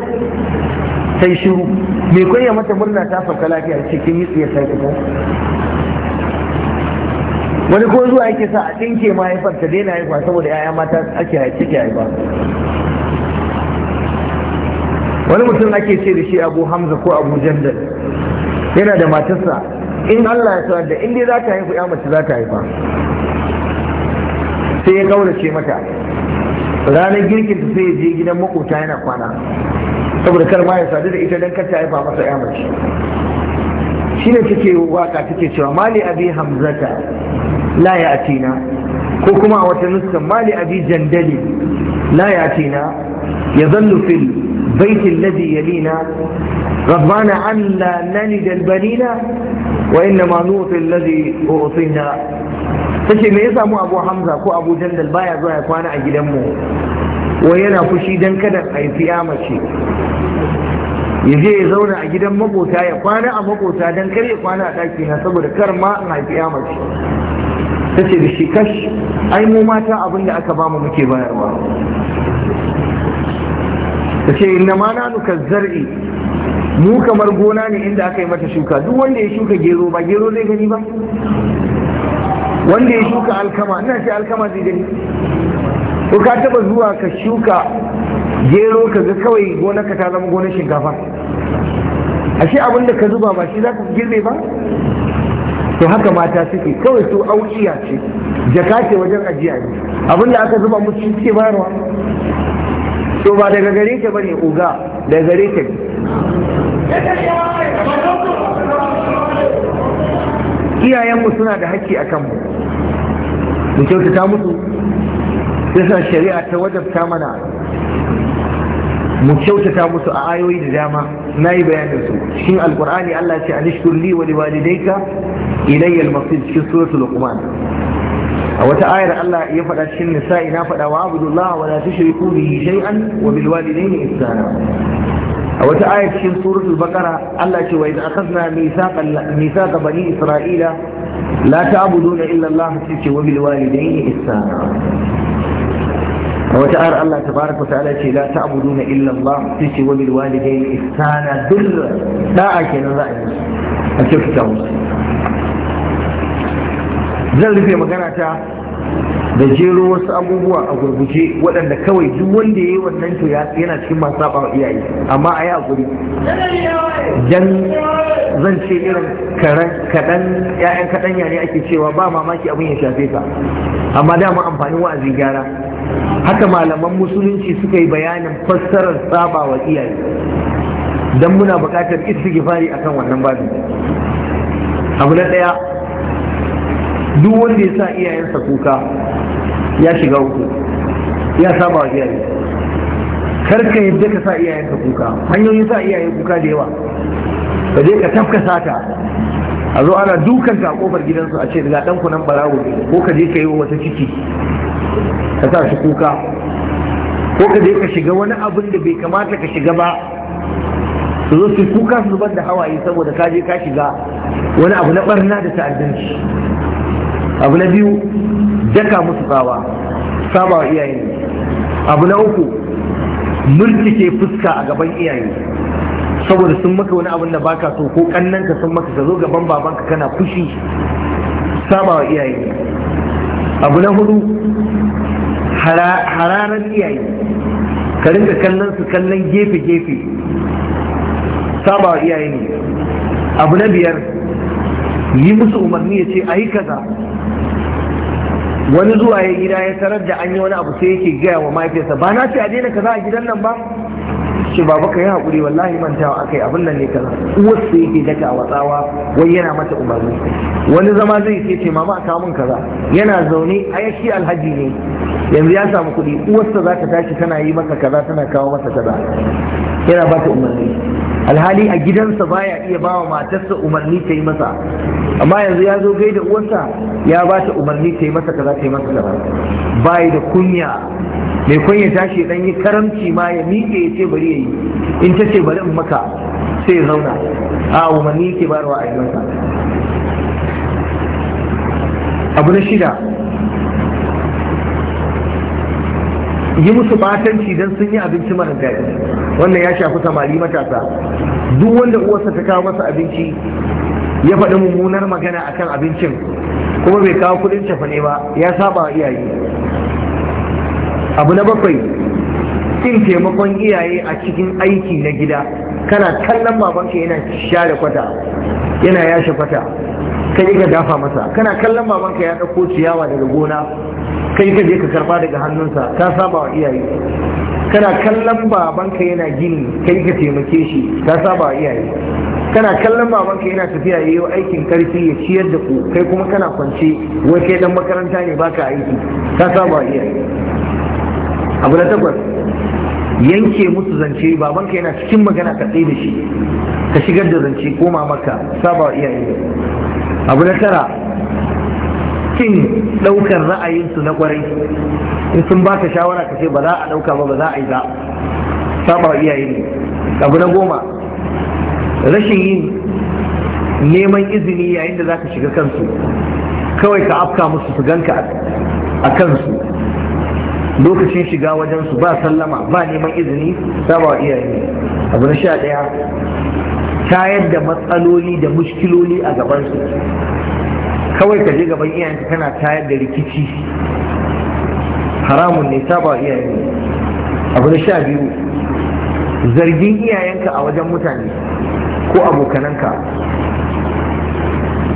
sai shiru me ya mata murna ta sauka lafiya ce yi tsaye sai ita wani ko zuwa yake sa a tsinke mahaifar ta daina haifa saboda yaya mata ake haifi haifa wani mutum ake ce da shi abu hamza ko abu jandal yana da matarsa in allah ya sa da inda za ta haifa ya mace za ta haifa sai ya kaurace mata ranar girkin ta sai ya je gidan makota yana kwana saboda kar ma ya sadu da ita don kar ta haifa masa ya mace shine take waka take cewa mali abi hamzata la ya atina ko kuma a wata nuskan mali abi jandali la ya atina ya zallu fil baiti alladhi yalina ربنا أن لا نلد البنين وإنما نوطي الذي أعطينا tace me ya samu abu hamza ko abu jandal baya zuwa ya kwana a gidanmu wai yana fushi don kada haifi ya mace ya je ya zauna a gidan makota ya kwana a makota don kar ya kwana a ɗaki na saboda kar ma in haifi mace ta ce da shi kash ai mu mata abin da aka bamu muke bayarwa ta ce inna ma na nuka zar'i mu kamar gona ne inda aka yi mata shuka duk wanda ya shuka gero ba gero zai gani ba wanda ya shuka alkama ina ce alkama zai gani ko ka taba zuwa ka shuka gero ka ga kawai ka ta zama gonar shinkafa ashe abin da ka zuba ba shi za ka girbe ba to haka mata suke kawai su auciya ce jaka ce wajen ajiya ne abin da aka zuba musu suke bayarwa to ba daga gare ta bane uga daga gare ta iyayenmu suna da haƙƙi akan mu mu kyautata musu yasa shari'a ta wajabta mana mu kyautata musu a ayoyi da dama na yi bayanin su cikin alkur'ani Allah ce anishkur li wa liwalidayka ilayya al-masir cikin suratul luqman a wata ayar Allah ya faɗa cikin nisa'i na faɗa wa abdullah wa la tushriku bihi shay'an wa bil walidayni ihsana a wata ayar cikin suratul baqara Allah ce wa idh akhadna mithaqan mithaqa bani isra'ila la ta'buduna illa Allah ce wa bil walidayni ihsana wata ar Allah tabaraka wa ta'ala ce la ta'buduna illan Allah sai ce wa bil walidayni ihsana birra da'a kenan za a yi a musu zan rufe magana ta da jero wasu abubuwa a gurguje waɗanda kawai duk wanda ya yi wannan to yana cikin masu saba wa iyaye amma a yi hakuri dan zan ce irin kaɗan ‘ya'yan kaɗanya ne ake cewa ba mamaki abin ya shafe ka amma dama amfanin wa'azi gyara haka malaman musulunci suka yi bayanin fassarar saba wa iyaye don muna buƙatar istighfari akan wannan babin abu na ɗaya duk wanda ya sa iyayensa kuka ya shiga uku ya saba wa iyaye kar ka yadda ka sa iyayenka kuka hanyoyin sa iyaye kuka da yawa ka je ka tafka sata a zo ana dukanta a kofar gidansu a ce daga ɗanku nan barawo ko ka je ka yi wa wata ciki ka sa shi kuka ko ka je ka shiga wani abin da bai kamata ka shiga ba su zo su kuka su zubar da hawaye saboda ka je ka shiga wani abu na barna da ta'addanci abu na biyu daka musu tsawa saba wa iyaye abu na uku murtike fuska a gaban iyaye saboda sun maka wani abin da baka so ko kannanka sun maka ka zo gaban babanka kana fushi saba wa iyaye abu na hudu hararan iyaye ka rinka kallon su kallon gefe-gefe saba iyaye ne abu na biyar yi musu umarni ya ce a yi kaza wani zuwa ya gida ya tarar da an yi wani abu sai yake gaya wa mahaifiyarsa ba na ce a daina kaza a gidan nan ba ce baba ka yi haƙuri wallahi mantawa akai abin nan ne kaza sai yake daga watsawa wai yana mata umarni wani zama zai ce ce mama a kamun kaza yana zaune a yashi alhaji ne yanzu ya samu kuɗi uwarsa za ta tashi tana yi maka kaza tana kawo masa kaza yana ba ta umarni alhali a gidansa baya iya ba wa matarsa umarni ta yi masa amma yanzu ya zo gaida uwarsa ya ba ta umarni ta yi masa kaza ta yi masa kaza bai da kunya mai kunya tashi dan yi karamci ma ya miƙe ya ce bari ya yi in ta ce bari in maka sai ya zauna a umarni ke bayarwa a yi masa abu na shida yi musu batanci don sun yi abinci mara daɗi wannan ya shafi samari matasa duk wanda uwarsa ta kawo masa abinci ya faɗi mummunar magana akan abincin kuma bai kawo kuɗin cafa ba ya saba iyaye abu na bakwai cin taimakon iyaye a cikin aiki na gida kana kallon babanka yana share kwata yana yashe kwata kai ka dafa masa kana kallon babanka ya ɗauko ciyawa daga gona kai ka je ka karba daga hannunsa ka saba wa iyaye kana kallon babanka yana gini kai ka taimake shi ka saba wa iyaye kana kallon babanka yana tafiya yayi aikin karfi ya ciyar da ku kai kuma kana kwance wai kai dan makaranta ne baka aiki ka saba wa iyaye abu na takwas yanke musu zance babanka yana cikin magana ka tsaye da shi ka shigar da zance koma maka saba wa iyaye abu na tara kin ɗaukar ra'ayinsu na kwarai in sun ba ka shawara ka ce ba za a ɗauka ba ba za a yi ba saba iyaye ne abu na goma rashin yin neman izini yayin da za ka shiga kansu kawai ka afka musu su ganka a kansu lokacin shiga wajensu ba sallama ba neman izini saba wa iyaye abu na sha ɗaya shayar da matsaloli da mushkiloli a gabansu kawai ka je gaban iyayenka kana tayar da rikici haramun ne ta ba iyayen abu na sha biyu zargin iyayenka a wajen mutane ko abokananka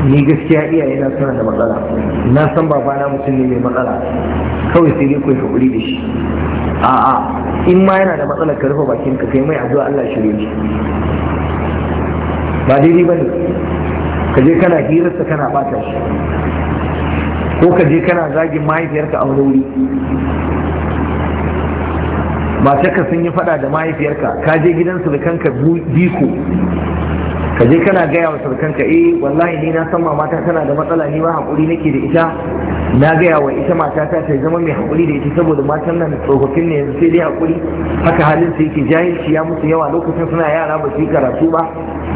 ni gaskiya iyaye na suna da matsala na san babana mutum ne mai matsala kawai sai dai ku hakuri da shi a'a in ma yana da matsala ka rufe bakin ka kai mai addu'a Allah shirye shi ba daidai ba ne ka je kana hirarsa kana bata shi ko ka je kana zagin mahaifiyarka a wani wuri ka sun yi fada da mahaifiyarka ka je gidan surukanka biko ka je kana gaya wa surukanka eh wallahi ni na san mamata tana da matsala ni ba hakuri nake da ita na gaya wa ita matata ta zama mai haƙuri da ita saboda matan nan tsofaffin ne yanzu sai dai haƙuri haka halin su yake jahilci ya musu yawa lokacin suna yara ba su yi karatu ba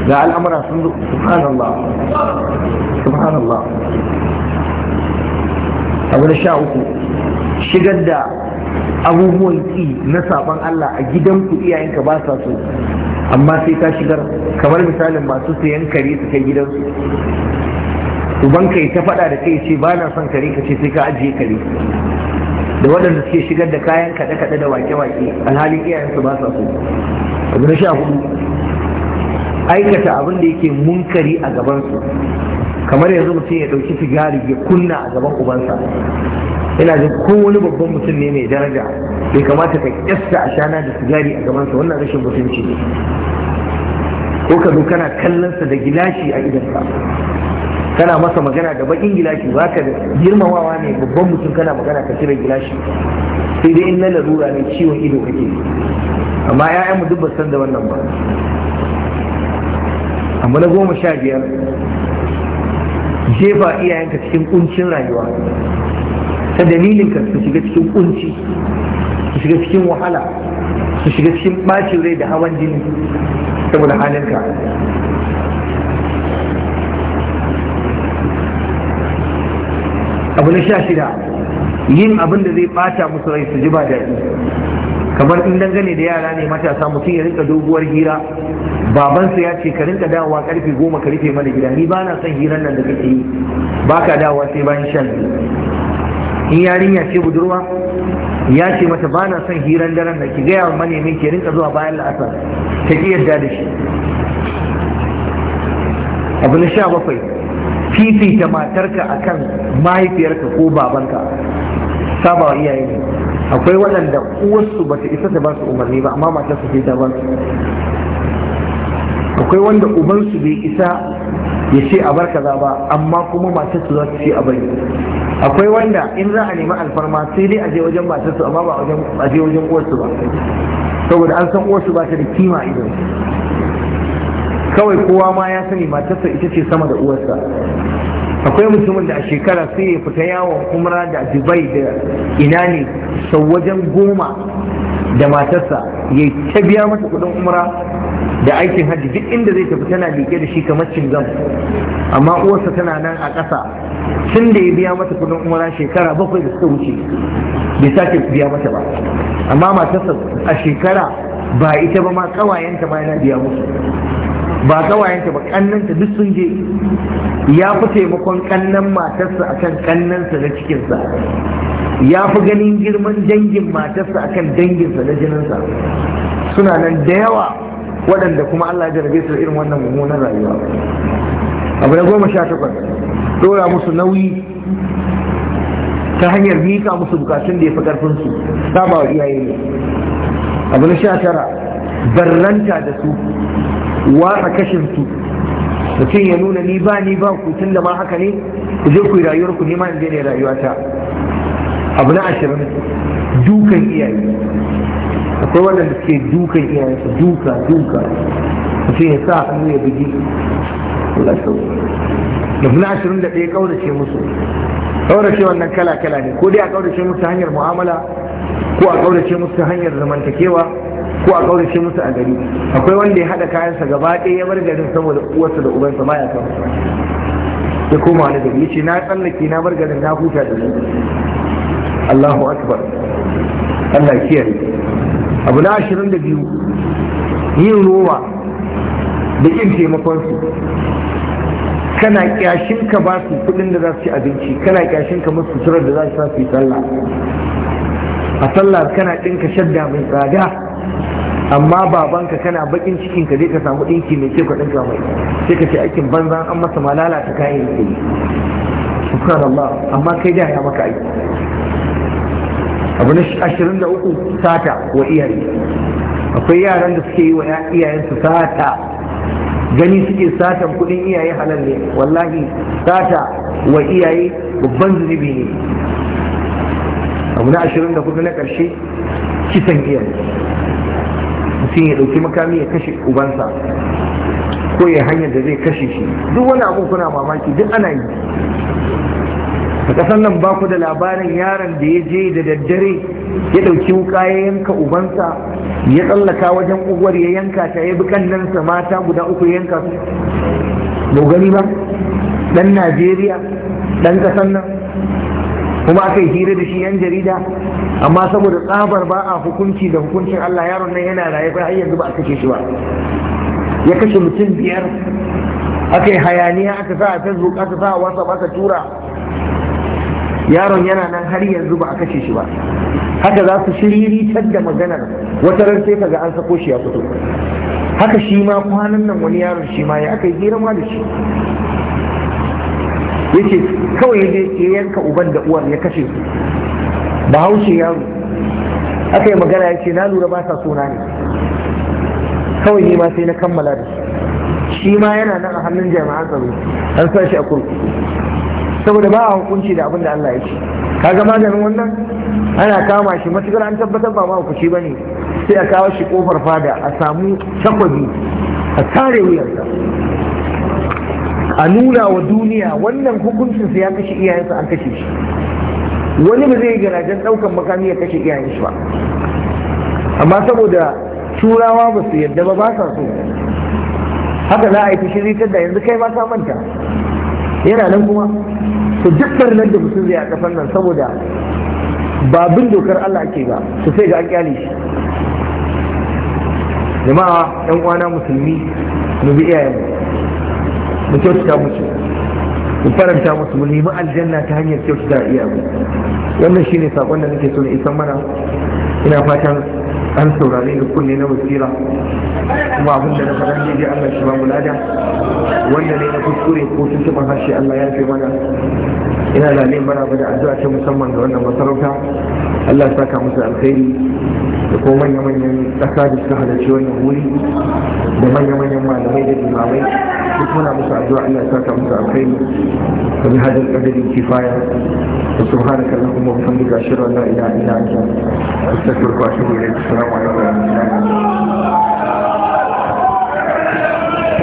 ga al'amura sun zo subhanallah subhanallah abu na sha uku shigar da abubuwan ki na sabon Allah a gidan ku iyayenka ba sa so amma sai ka shigar kamar misalin masu sayan kare su kai gidansu uban kai ta faɗa da kai ce ba na son kare ka ce sai ka ajiye kare da waɗanda suke shigar da kayan kaɗe-kaɗe da wake-wake alhalin iyayensu ba sa so abu na sha hudu aikata abin da yake munkari a gabansu kamar yanzu mutum ya ɗauki sigari ya kunna a gaban ubansa ina jin ko wani babban mutum ne mai daraja bai kamata ka kyasta a shana da sigari a gabansa wannan rashin mutunci ne ko ka zo kana kallon sa da gilashi a ka. kana masa magana da bakin gilashi ba ka girmamawa ne babban mutum kana magana ka cire gilashi sai dai in na larura ne ciwon ido kake amma ya'yan mu duk ba san da wannan ba amma na goma sha biyar jefa iyayenka cikin kuncin rayuwa ta dalilinka ka su shiga cikin kunci su shiga cikin wahala su shiga cikin bacin rai da hawan jini saboda halinka abu na sha shida yin abin da zai bata musu rai su ji ba daɗi kamar in dangane da yara ne matasa mutum ya rinka doguwar hira babansa ya ce ka rinka dawowa karfe goma ka rufe mana gida ni ba na son hiran nan da kake yi ba ka dawowa sai bayan shan in yarinya ce budurwa ya ce mata ba son hiran daren da ki gaya wa manemi ke rinka zuwa bayan la'asar ta ki yarda da shi abu na sha bakwai fifita matarka akan mahaifiyarka ko babanka saba wa iyaye ne akwai waɗanda uwarsu ba ta isa ta ba su umarni ba amma matar su ta ba su akwai wanda ubansu bai isa ya ce a bar kaza ba amma kuma matar su za su ce a bari akwai wanda in za a nemi alfarma sai dai a je wajen matar su amma ba a je wajen uwarsu ba saboda an san uwarsu ba ta da kima idan kawai kowa ma ya sani matarsa ita ce sama da uwarsa akwai mutumin da a shekara sai ya fita yawon umra da dubai da ina ne sau wajen goma da matarsa ya ta biya mata kudin umra da aikin hajji duk inda zai tafi tana liƙe da shi kamar cingam amma uwarsa tana nan a ƙasa tun da ya biya mata kudin umra shekara bakwai da suka wuce bai sake biya mata ba amma matarsa a shekara ba ita ba ma kawayenta ma yana biya musu ba gawayenta ba kannanta duk sun je ya fi taimakon kannan matarsa akan kannansa na cikinsa ya fi ganin girman dangin matarsa akan danginsa na jininsa suna nan da yawa waɗanda kuma Allah ya jarabe su irin wannan mummunan rayuwa abu na goma sha takwas dora musu nauyi ta hanyar mika musu bukatun da ya fi ƙarfinsu ba wa iyaye ne abu na sha tara barranta da su watsa su. mutum ya nuna ni ba ni ba ku tun da ma haka ne ku je ku yi rayuwar ku ma in je ne rayuwata abu na ashirin dukan iyaye akwai waɗanda suke dukan su duka duka mutum ya sa hannu ya bugi abu na ashirin da ɗaya ƙaurace musu ƙaurace wannan kala kala ne ko dai a ƙaurace musu hanyar mu'amala ko a ƙaurace musu hanyar zamantakewa ko a kaurace musu a gari akwai wanda ya haɗa kayansa gaba ɗaya ya bar garin saboda uwarsa da ubansa ya kawo ya koma wani gari ce na tsallake na bar garin na huta da su Allahu akbar Allah kiyaye abu na ashirin da biyu yin ruwa da kin taimakon su kana kyashin ka ba su kudin da za su ci abinci kana kyashin ka musu suturar da za su yi sallah a sallah kana ɗinka shadda mai tsada amma babanka kana bakin cikin ka zai ka samu dinki mai ce ka dinka mai sai ka ce aikin banza an masa ma lalata kayan yake subhanallah amma kai da ya maka aiki abu na 23 sata wa iyaye akwai yaran da suke yi wa iyayensu sata gani suke satan kudin iyaye halal ne wallahi sata wa iyaye babban zunubi ne abu na 24 na karshe kisan iyaye mutum ya ɗauki makami ya kashe ubansa ko ya hanyar da zai kashe shi duk wani abu kuna mamaki duk ana yi a ƙasar nan ba ku da labarin yaron da ya je da daddare ya ɗauki wuka ya yanka ubansa ya tsallaka wajen uwar ya yanka ta ya bi kannansa mata guda uku yanka su gani ba ɗan najeriya ɗan ƙasar nan kuma aka yi hira da shi yan jarida amma saboda tsabar ba a hukunci da hukuncin Allah yaron nan yana raye ba har yanzu ba a kashe shi ba ya kashe mutum biyar aka yi hayaniya aka sa a facebook aka sa a whatsapp aka tura yaron yana nan har yanzu ba a kashe shi ba haka za su shiriritar da maganar wata ran sai kaga an sako shi ya fito haka shi ma kwanan nan wani yaron shi ma ya aka yi girma da shi yace kawai ya yanka uban da uwar ya kashe su bahaushe yaro aka yi magana ya ce na lura ba sa suna ne kawai ne ma sai na kammala da shi shi ma yana nan a hannun jami'an tsaro an sa shi a kurkuku saboda ba a hukunci da abin da Allah ya ce kaga maganin wannan ana kama shi matukar an tabbatar ba ma hukunci ba ne sai a kawo shi kofar fada a samu takwabi a tare wuyarsa a nuna wa duniya wannan hukuncinsa ya kashe iyayensa an kashe shi wani ba zai yi garajen ɗaukan makami ya kashe iyayen shi ba amma saboda turawa ba su yadda ba basa sa so haka za a yi fushiritar da yanzu kai ba sa manta yana nan kuma su duk nan da mutum zai a kasar nan saboda ba bin dokar Allah ke ba su sai ga an kyale shi jama'a yan uwana musulmi mu bi iyayen mu kyautata musu mu faranta musu mu nemi aljanna ta hanyar kyautata iya abu wannan shine sakon da nake so na isan mana ina fatan an saurari ni kunne na wasira kuma abin da na faɗa ne dai Allah shi ba mu lada wanda ne na kuskure ko tuntuɓar harshe Allah ya fi mana ina da lalai mana da addu'a ta musamman ga wannan masarauta Allah ya saka musu alkhairi da ko manya-manyan ƙasa da suka halarci wannan wuri da manya-manyan malamai da limamai duk muna musu addu'a Allah ya saka musu alkhairi ka bi hadal qadarin kifaya da subhanaka allahumma wa bihamdika ashhadu an la ilaha illa anta astaghfiruka wa atubu ilayk assalamu alaikum wa rahmatullahi wa barakatuh